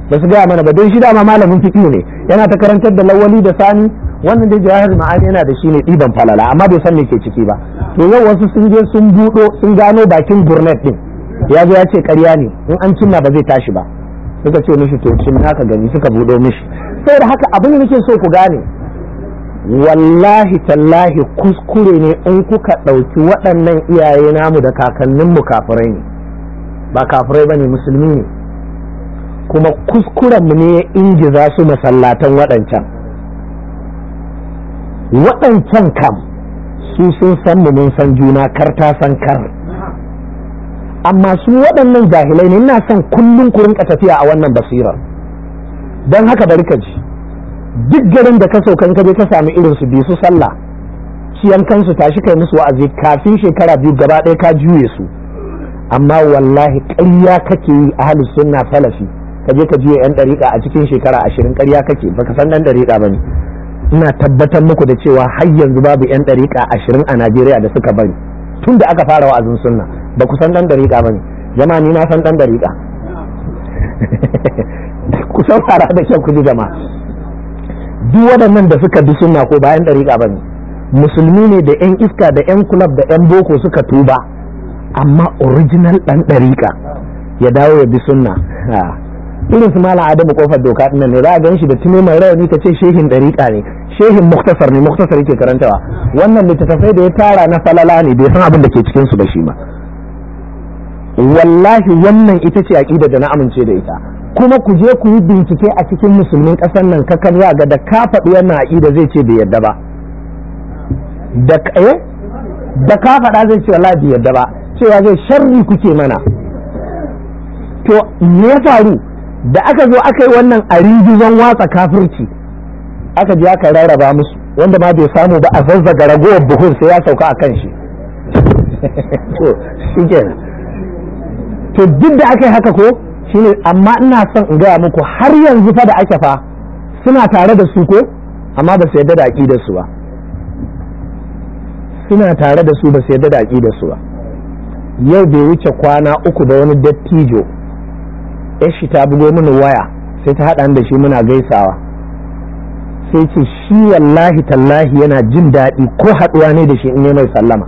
ba su gaya mana ba don shi dama malamin fiƙi ne yana ta karantar da lawali da sani wannan da dai hajji ma'ani yana da shi ne ɗiban falala amma bai san me ke ciki ba to yau wasu sun je sun buɗo sun gano bakin gurnet ɗin. ya zo ya ce ƙarya ne in an cinna ba zai tashi ba suka ce mishi to cin haka gani suka buɗo mishi saboda haka abin da nake so ku gane wallahi tallahi kuskure ne in kuka ɗauki waɗannan iyaye namu da kakanninmu kafirai ne ba kafirai bane musulmi ne kuma mu ne ya ingiza su masallatan waɗancan waɗancan kam su sun san mu mun san juna kar san kar amma su waɗannan jahilai ne ina son kullum ku rinka tafiya a wannan basirar don haka bari ka ji duk garin da ka saukan ka je ka sami irin su bi su sallah ciyan kansu tashi kai musu wa'azi kafin shekara biyu gaba ɗaya ka juye su amma wallahi ƙarya kake yi ahli suna salafi ka je ka jiya yan ɗariƙa a cikin shekara ashirin ƙarya kake baka san ɗariƙa ba ne. ina tabbatar muku da cewa har yanzu babu yan ɗariƙa ashirin a Najeriya da suka bari tun da aka fara wa'azin sunna ba ku san ɗariƙa ba ne jama'a ni na san ɗan ɗariƙa. [LAUGHS] ku fara da kyau ku ji jama'a duk waɗannan da suka bi sunna ko bayan ba ne. musulmi ne da 'yan iska da 'yan kulab da 'yan boko suka tuba amma original ɗan ɗariƙa ya dawo ya bi sunna irin su mala adamu kofar doka ɗin ne za a gan shi da tuno mai rawani ka ce shehin ɗariƙa ne shehin muktasar ne muktasar yake karantawa wannan littattafai da ya tara na falala ne bai san abin da ke cikin su ba shi ba wallahi wannan ita ce aƙida da na amince da ita kuma ku je ku yi bincike a cikin musulmin ƙasar nan kakan za ga da ka faɗi wannan aƙida zai ce bai yarda ba eh? da ka faɗa zai ce wallahi bai yarda ba cewa zai sharri kuke mana to me ya faru da aka zo aka yi wannan a ringizon watsa kafirci aka je aka rarraba musu wanda ma bai samu ba a zazzaga ragowar buhun sai ya sauka a kan shi [LAUGHS] to duk da aka yi haka ko shine amma ina son in gaya muku har yanzu fa da ake fa suna tare da su ko amma ba su yarda da aƙidar su ba suna tare da su ba su yarda da aƙidar su ba yau bai wuce kwana uku da wani dattijo shi ta bugo mini waya sai ta haɗa da shi muna gaisawa sai ce shi wallahi tallahi yana jin daɗi ko haɗuwa ne da shi in yi mai sallama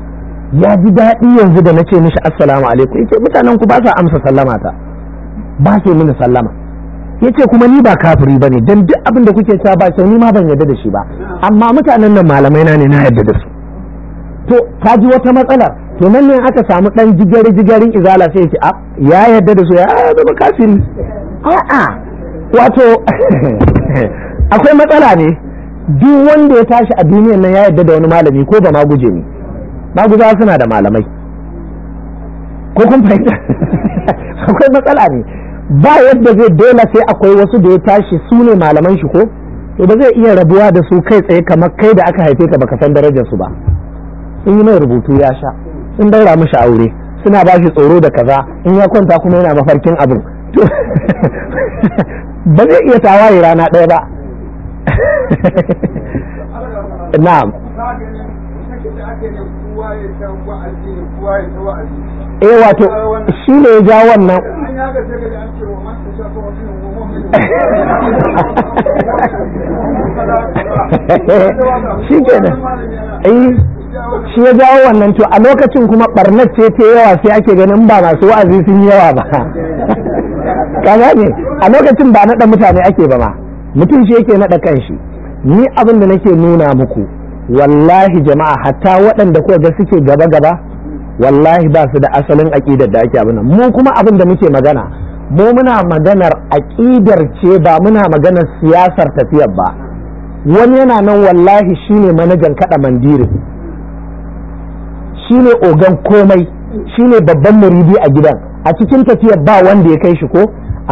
ya ji daɗi yanzu da na ce mishi assalamu alaikum ya ce mutanen ku ba sa amsa sallama ta ba su mini sallama ya ce kuma ni ba kafiri ba ne don duk abin da kuke cewa ba sau ni ma ban yarda da shi ba amma mutanen nan malamai na ne na yadda da su to ta ji wata matsalar to nan ne aka samu dan jigari jigarin izala sai ce ya yarda da su ya zama kafiri a'a wato [LAUGHS] akwai matsala ne duk wanda ya tashi a duniyar nan ya yarda da wani malami ko ba ma guje ne maguza suna da malamai ko kun fahimta [LAUGHS] akwai matsala ne ba yadda zai dole sai akwai wasu da ya tashi su ne malaman shi ko to ba zai iya rabuwa da su kai tsaye kamar kai da aka haife ka baka san darajar su ba sun yi mai rubutu ya sha sun daura mashi aure suna ba shi tsoro da kaza in ya kwanta kuma yana mafarkin abin [LAUGHS] ba zai iya tawaye rana ɗaya ba [LAUGHS] na'am eh wato shi ne ya ja wannan [LAUGHS] shi nan eh, shi ya jawo wannan to a lokacin kuma barnar ce ta yawa sai ake ganin ba masu wa'azi sun yi yawa ba [LAUGHS] ka ne a lokacin ba naɗa mutane ake ba ma mutum shi yake naɗa kanshi ni abin da nake nuna muku wallahi jama'a hatta waɗanda ko ga suke gaba gaba wallahi ba su da asalin aƙidar da ake abin mu kuma abin da muke magana mu muna maganar aƙidar ce ba muna maganar siyasar tafiyar ba wani yana nan wallahi shine manajan kaɗa mandirin Shi ne ogan komai shi ne babban muridi a gidan a cikin tafiyar ba wanda ya kai shi ko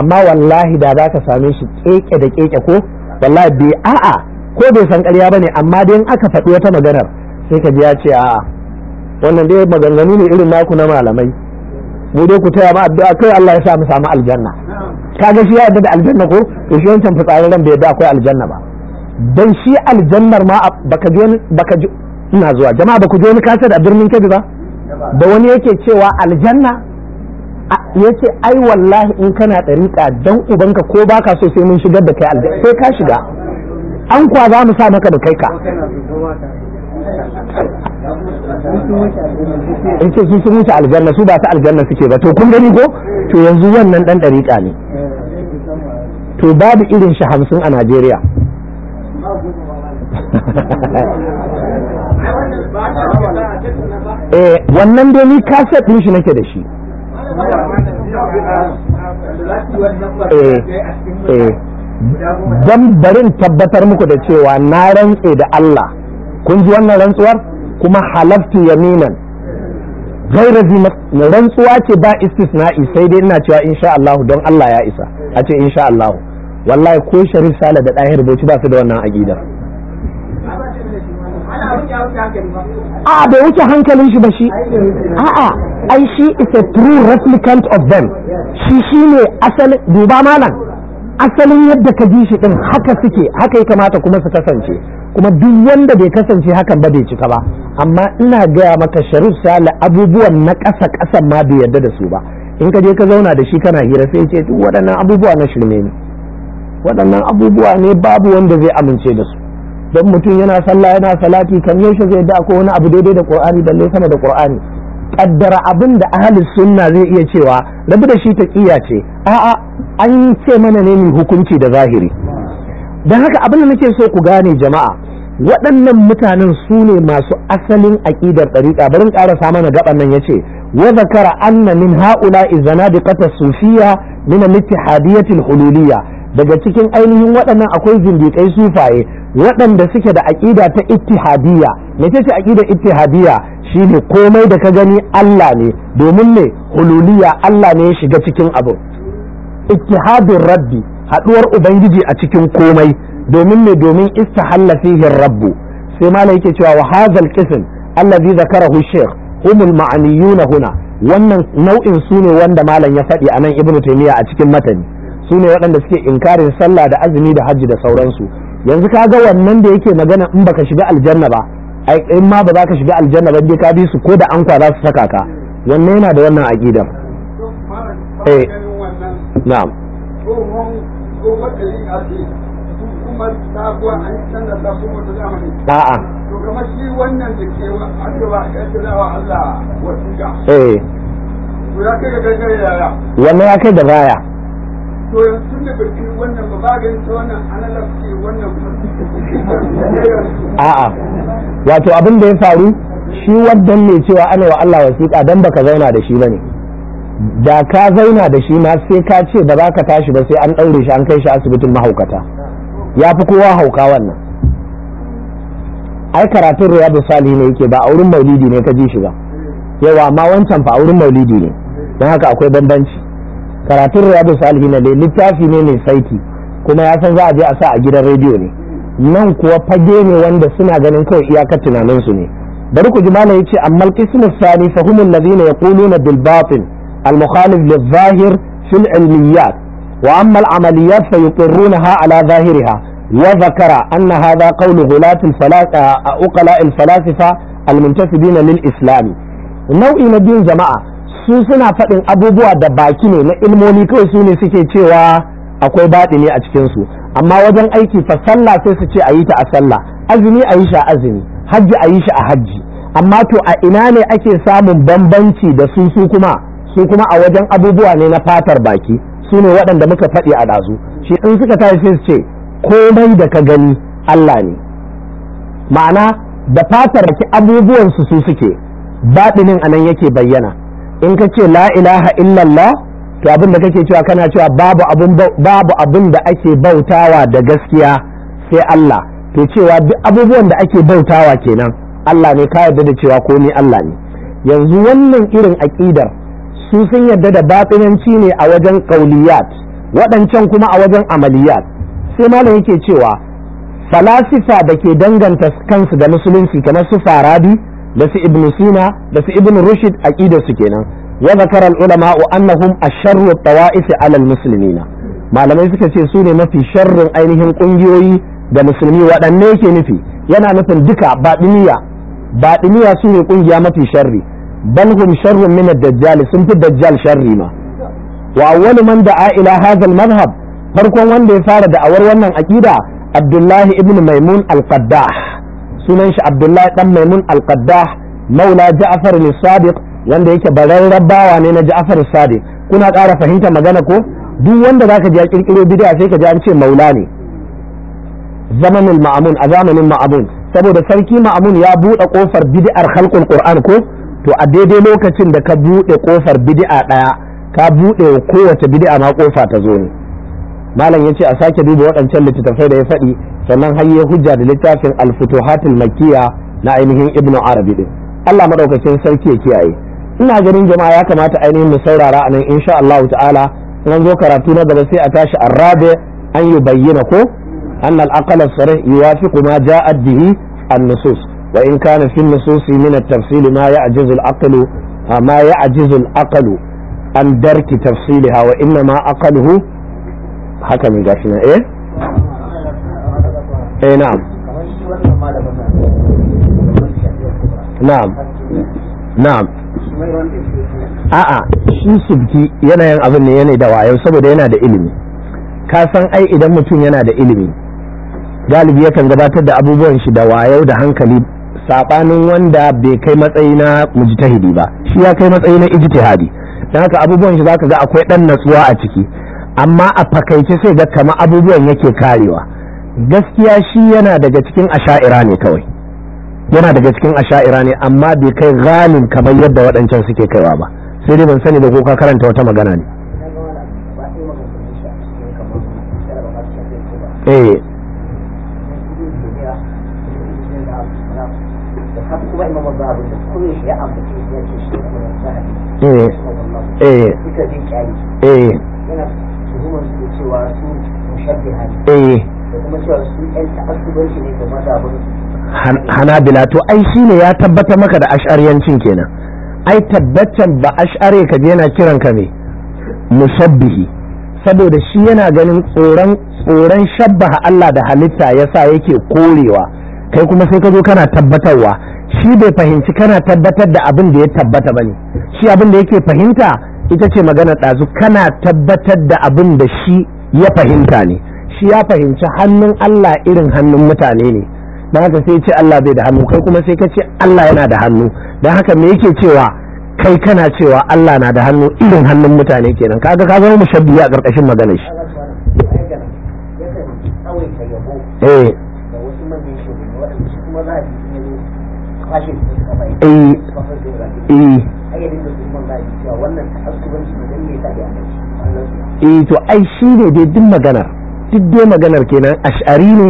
amma wallahi da za ka same shi keke da keke ko wallahi bai a'a ko bai san karya ƙarya ne amma dai in aka faɗi wata maganar sai ka biya ce a'a wannan dai maganganu ne irin naku na malamai mu dai ku taya ma addu'a kai Allah ya sa mu samu aljanna kaga shi ya yarda da aljanna ko to shi wancan fitsarin ran bai yarda akwai aljanna ba dan shi aljannar ma baka ji baka ji ina zuwa jama'a ba ku je wani kasa a birnin kebbi ba da wani yake cewa aljanna ya ce ai wallahi in kana ɗariƙa don ubanka ko baka so sai mun shigar da kai aljanna sai ka shiga an kwa za mu sa maka da kai ka in ce sun wuce aljanna su ba ta aljanna suke ba to kun gani ko to yanzu wannan ɗan ɗariƙa ne to babu irin shi hamsin a najeriya [LAUGHS] eh wannan dai ni kaset din shi nake da shi eh, eh. dan barin tabbatar muku da cewa na rantse da Allah kun ji wannan rantsuwar kuma halaftu yaminan gaira rantsuwa ce ba istisna'i sai dai ina cewa insha Allah don Allah ya isa a ce insha Allah wallahi ko sharif sala da ɗahir bauchi ba su da wannan aƙidar a ah, bai wuce hankalin shi ba shi a'a ai shi is a true replicant of them shi shi ne asalin duba malam asalin yadda ka ji shi din haka suke haka ya kamata kuma su kasance kuma duk wanda bai kasance hakan ba bai cika ba amma ina gaya maka sharif sale abubuwan na ƙasa ƙasan ma bai yarda da su ba in ka je ka zauna da shi kana hira sai ce duk waɗannan abubuwa na shirme ne waɗannan abubuwa ne babu wanda zai amince da su don mutum yana sallah yana salati kan yaushe zai da akwai wani abu daidai da qur'ani balle sama da qur'ani kaddara abin da ahli sunna zai iya cewa rabu da shi taqiya ce a'a an ce mana ne mu hukunci da zahiri dan haka abin da nake so ku gane jama'a waɗannan mutanen su ne masu asalin aƙidar ɗariƙa barin ƙara ƙarasa mana gaban nan yace wa zakara anna min ha'ula izanadiqata sufiya min al-ittihadiyyah al-hululiyya daga cikin ainihin waɗannan akwai zindiƙai sufaye waɗanda suke da aƙida ta ittihadiyya mece ce aƙidar ittihadiyya shine komai da ka gani Allah ne domin ne hululiya Allah ne ya shiga cikin abu ittihadin rabbi haɗuwar ubangiji a cikin komai domin ne domin istahalla fihi rabbu sai malai yake cewa wa hadzal qism allazi zakarahu shaykh humul ma'aniyuna huna wannan nau'in su ne wanda malam ya faɗi anan ibnu taymiya a cikin matani su ne waɗanda suke inkarin sallah da azumi da hajji da sauransu yanzu ka ga wannan da yake magana in baka shiga aljanna ba ai in ma ba za ka shiga aljanna ba ka bi su ko da an za su saka ka wannan yana da wannan aqidar eh na'am a'a eh. kamar shi wannan da ke arewa a Allah wasu eh. ga eh wannan ya kai da baya to da bai wannan ba ba ganin ta wannan lafi wannan a'a wato abin da ya faru shi wannan ne cewa ana wa Allah wasiƙa dan baka zauna da shi bane da ka zauna da shi ma sai ka ce ba za ka tashi ba sai an ɗaure shi an kai shi asibitin mahaukata ya fi kowa hauka wannan ai karatun riyadu Sali ne yake ba a wurin maulidi ne ka ji shi ba yawa ma wancan fa a wurin maulidi ne don haka akwai bambanci karatun riyadu na dai littafi ne mai saiti kuma ya san za a je a sa a gidan rediyo ne nan kuwa fage ne wanda suna ganin kawai iyakar tunaninsu ne bari ku ji malam yace amma al-qismu thani fa hum alladhina yaquluna bil batin al-mukhalif lidh-dhahir fil ilmiyat wa amma al-amaliyat fa yuqirrunaha ala dhahiriha وذكر أن هذا قول غلاة الفلاسفة أقلاء lil islam nau'i na نبي jama'a. su suna faɗin abubuwa da baki ne na ilmoni kawai su ne suke cewa akwai baɗi ne a cikinsu amma wajen aiki fa sallah sai su ce a yi ta a sallah azumi a yi shi a azumi hajji a yi shi a hajji amma to a ina ne ake samun bambanci da su su kuma su kuma a wajen abubuwa ne na fatar baki su ne waɗanda muka faɗi a ɗazu shi in suka tashi sai su ce komai da ka gani Allah ne ma'ana da fatar baki abubuwansu su suke baɗinin anan yake bayyana in ka ce la ilaha illallah to abin da kake cewa kana cewa babu abin babu abin da ake bautawa da gaskiya sai Allah to cewa duk abubuwan da ake bautawa kenan Allah ne ka yarda da cewa ko komai Allah ne yanzu wannan irin aƙidar su sun yarda da batsinanci ne a wajen qauliyat waɗancan kuma a wajen amaliyat sai malam yake cewa falasifa da ke danganta kansu da musulunci kamar su farabi da su ibn sina da su ibn rushid aqidar su kenan wa zakara al ulama annahum asharru tawa'if ala al muslimina malamai suka ce su ne mafi sharrin ainihin kungiyoyi da musulmi waɗanne yake nufi yana nufin duka baɗiniya baɗiniya su ne kungiya mafi sharri bal hum sharrun min ad-dajjal sun fi dajjal sharri ma wa awwalu man da'a ila hadha al madhhab farkon wanda ya fara da'awar wannan aqida Abdullahi ibn Maimun al-Qaddah sunan shi abdullahi dan maimun al maula ja'far al-sadiq wanda yake bararren bawa ne na ja'far al-sadiq kuna ƙara fahimta magana ko duk wanda zaka ji ya kirkiro bid'a sai ka ji an ce maula ne zamanin ma'amun a zamanin ma'amun saboda sarki ma'amun ya buɗe kofar bid'ar khalqul qur'an ko to a daidai lokacin da ka buɗe kofar bid'a ɗaya ka buɗe kowace bid'a ma kofa ta zo ne malam ya ce a sake duba waɗancan littattafai da ya faɗi sannan har ya hujja da littafin al-futuhatul na ainihin ibnu arabi din Allah madaukakin sarki ya kiyaye ina ganin jama'a ya kamata ainihin mu saurara anan insha Allah ta'ala in zo karatu na gaba sai a tashi arabe an yi bayyana ko أن الأقل الصريح يوافق ما جاءت به النصوص وإن كان في النصوص من التفصيل ما يعجز العقل ما يعجز العقل عن درك تفصيلها ma أقله haka ne gashi nan eh eh na'am na'am na'am a'a shi yanayin yana abin ne yanayi da wayo saboda yana da ilimi ka san ai idan mutum yana da ilimi galibi yakan gabatar da abubuwan shi da wayo da hankali saɓanin wanda bai kai matsayi na mujtahidi ba shi ya kai matsayi na ijtihadi dan haka abubuwan shi zaka ga akwai dan natsuwa a ciki amma a fakaice sai ga kama abubuwan yake karewa gaskiya shi yana daga cikin asha'ira ne kawai yana daga cikin asha'ira ne amma bai kai galin kamar yadda waɗancan suke kaiwa ba sai dai ban sani da ko ka karanta wata magana ne eh eh eh eh Eh. cewa su mushabbiha ne ne hanabila to ai shine ya tabbata maka da ash'ariyancin kenan ai tabbatan ba ash'ari ka je yana kiran ka ne musabbihi saboda shi yana ganin tsoron tsoron shabbaha Allah da halitta yasa yake korewa kai kuma sai ka zo kana tabbatarwa shi bai fahimci kana tabbatar da abin da ya tabbata bane shi abin da yake fahimta ita ce magana ɗazu kana tabbatar da abin da shi ya fahimta ne shi ya fahimci hannun Allah irin hannun mutane ne don haka sai ce Allah bai da hannu kai kuma sai ka ce Allah yana da hannu don haka me yake cewa kai kana cewa Allah na da hannu irin hannun mutane kenan kaga ka zama mushabbihi a karkashin maganar shi eh eh eh eh to ai shi ne dai duk maganar duk dai maganar kenan ash'ari ne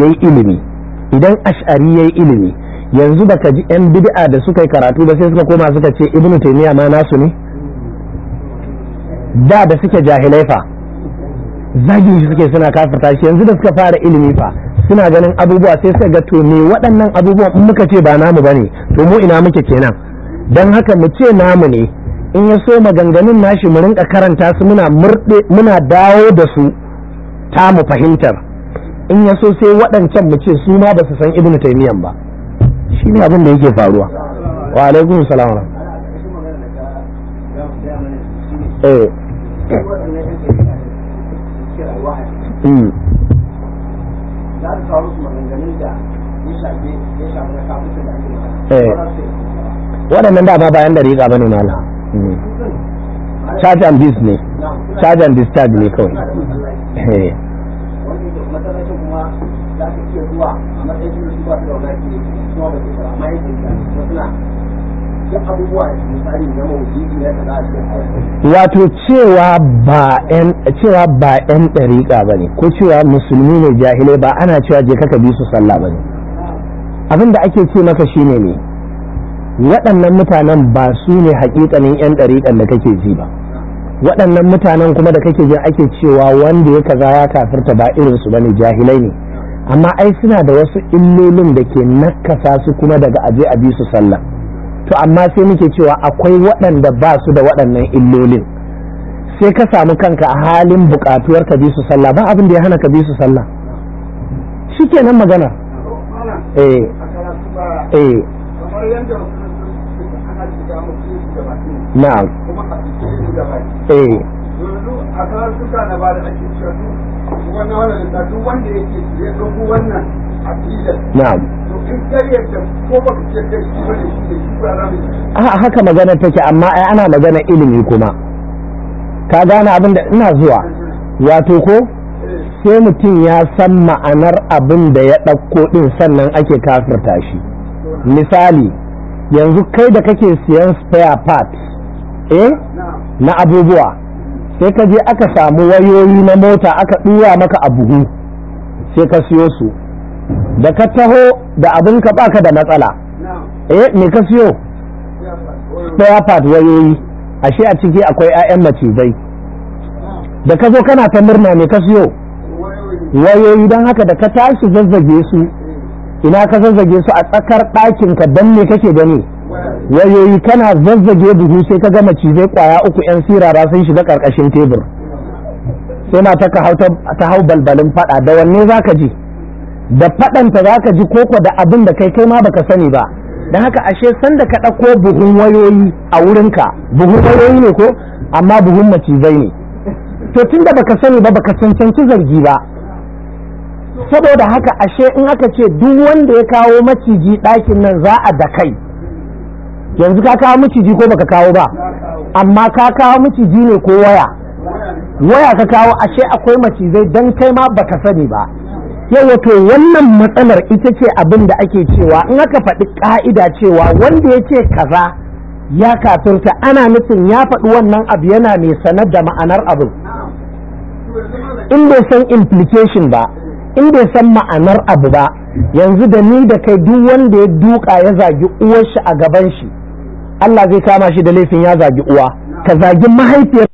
yayi ilimi idan ash'ari yayi ilimi yanzu baka ji yan bid'a da suka yi karatu ba sai suka koma suka ce ibnu taymiya ma nasu ne da da suke jahilai fa zagin shi suke suna kafirta shi yanzu da suka fara ilimi fa suna ganin abubuwa sai suka ga to me waɗannan abubuwan in muka ce ba namu bane to mu ina muke kenan dan haka mu ce namu ne in ya so maganganun nashi mu rinka karanta su muna murɗe muna dawo da su ta mu fahimtar in ya so sai waɗancan mu ce su ma ba su san ibnu taymiyan ba shi ne abin da yake faruwa wa alaikum salam eh. Hmm. eh waɗannan dama bayan da riga bane malam charge and ne kawai eh. wato cewa ba yan cewa ba yan ɗariƙa ba ne ko cewa musulmi ne jahilai ba ana cewa je kaka bi su sallah bane. ne abin ake ce maka shine ne waɗannan mutanen ba su ne hakikanin 'yan ɗariƙan da kake ji ba waɗannan mutanen kuma da kake jin ake cewa wanda ya kaza ya kafirta ba irinsu ba ne jahilai ne amma ai suna da wasu illolin da ke nakasa su kuma daga aje a bi su sallah to amma sai muke cewa akwai waɗanda ba su da waɗannan illolin sai ka samu kanka a halin buƙatuwar ka bi su sallah ba abin da ya hana ka bi su sallah shikenan magana eh eh na'am eh. ah, haka magana take amma ai ana magana ilimi kuma ka gane abin ina zuwa wato ko sai mutum ya san ma'anar abinda ya ɗauko ɗin sannan ake kafirta shi misali yanzu kai da kake siyan spare part eh na abubuwa sai ka je aka samu wayoyi na mota aka ɗuwa maka a buhu sai ka siyo su da ka taho da abin ka baka da matsala eh me ka siyo spare part wayoyi ashe a ciki akwai 'ya'yan macizai da ka zo kana ta murna me ka siyo wayoyi don haka da ka tashi zazzage su ina ka zazzage su a tsakar ɗakin ka dan me kake gani wayoyi kana zazzage buhu sai ka gama cizai kwaya uku yan sirara sun shiga ƙarƙashin tebur sai mata ka ta hau balbalin faɗa, da wanne za ka ji da fadanta ka ji koko da abin da kai kai ma baka sani ba don haka ashe sanda ka ɗauko buhun wayoyi a wurinka buhun wayoyi ne ko amma buhun macizai ne to tunda baka sani ba baka cancanci zargi ba saboda haka ashe in aka ce duk wanda ya kawo maciji ɗakin nan za a da kai yanzu ka kawo maciji ko baka kawo ba amma ka kawo maciji ne ko waya waya ka kawo ashe akwai macizai don kai ma baka sani ba yau wato wannan matsalar ita ce abin da ake cewa in aka faɗi ƙa'ida cewa wanda ya ce kaza ya kafirta ana nufin ya faɗi wannan abu yana mai sanar da ma'anar abin in bai san implication ba in bai san ma'anar abu ba yanzu da ni da kai duk wanda ya duka ya zagi uwar shi a gaban shi Allah zai kama shi da laifin ya zagi uwa ka zagi mahaifiyar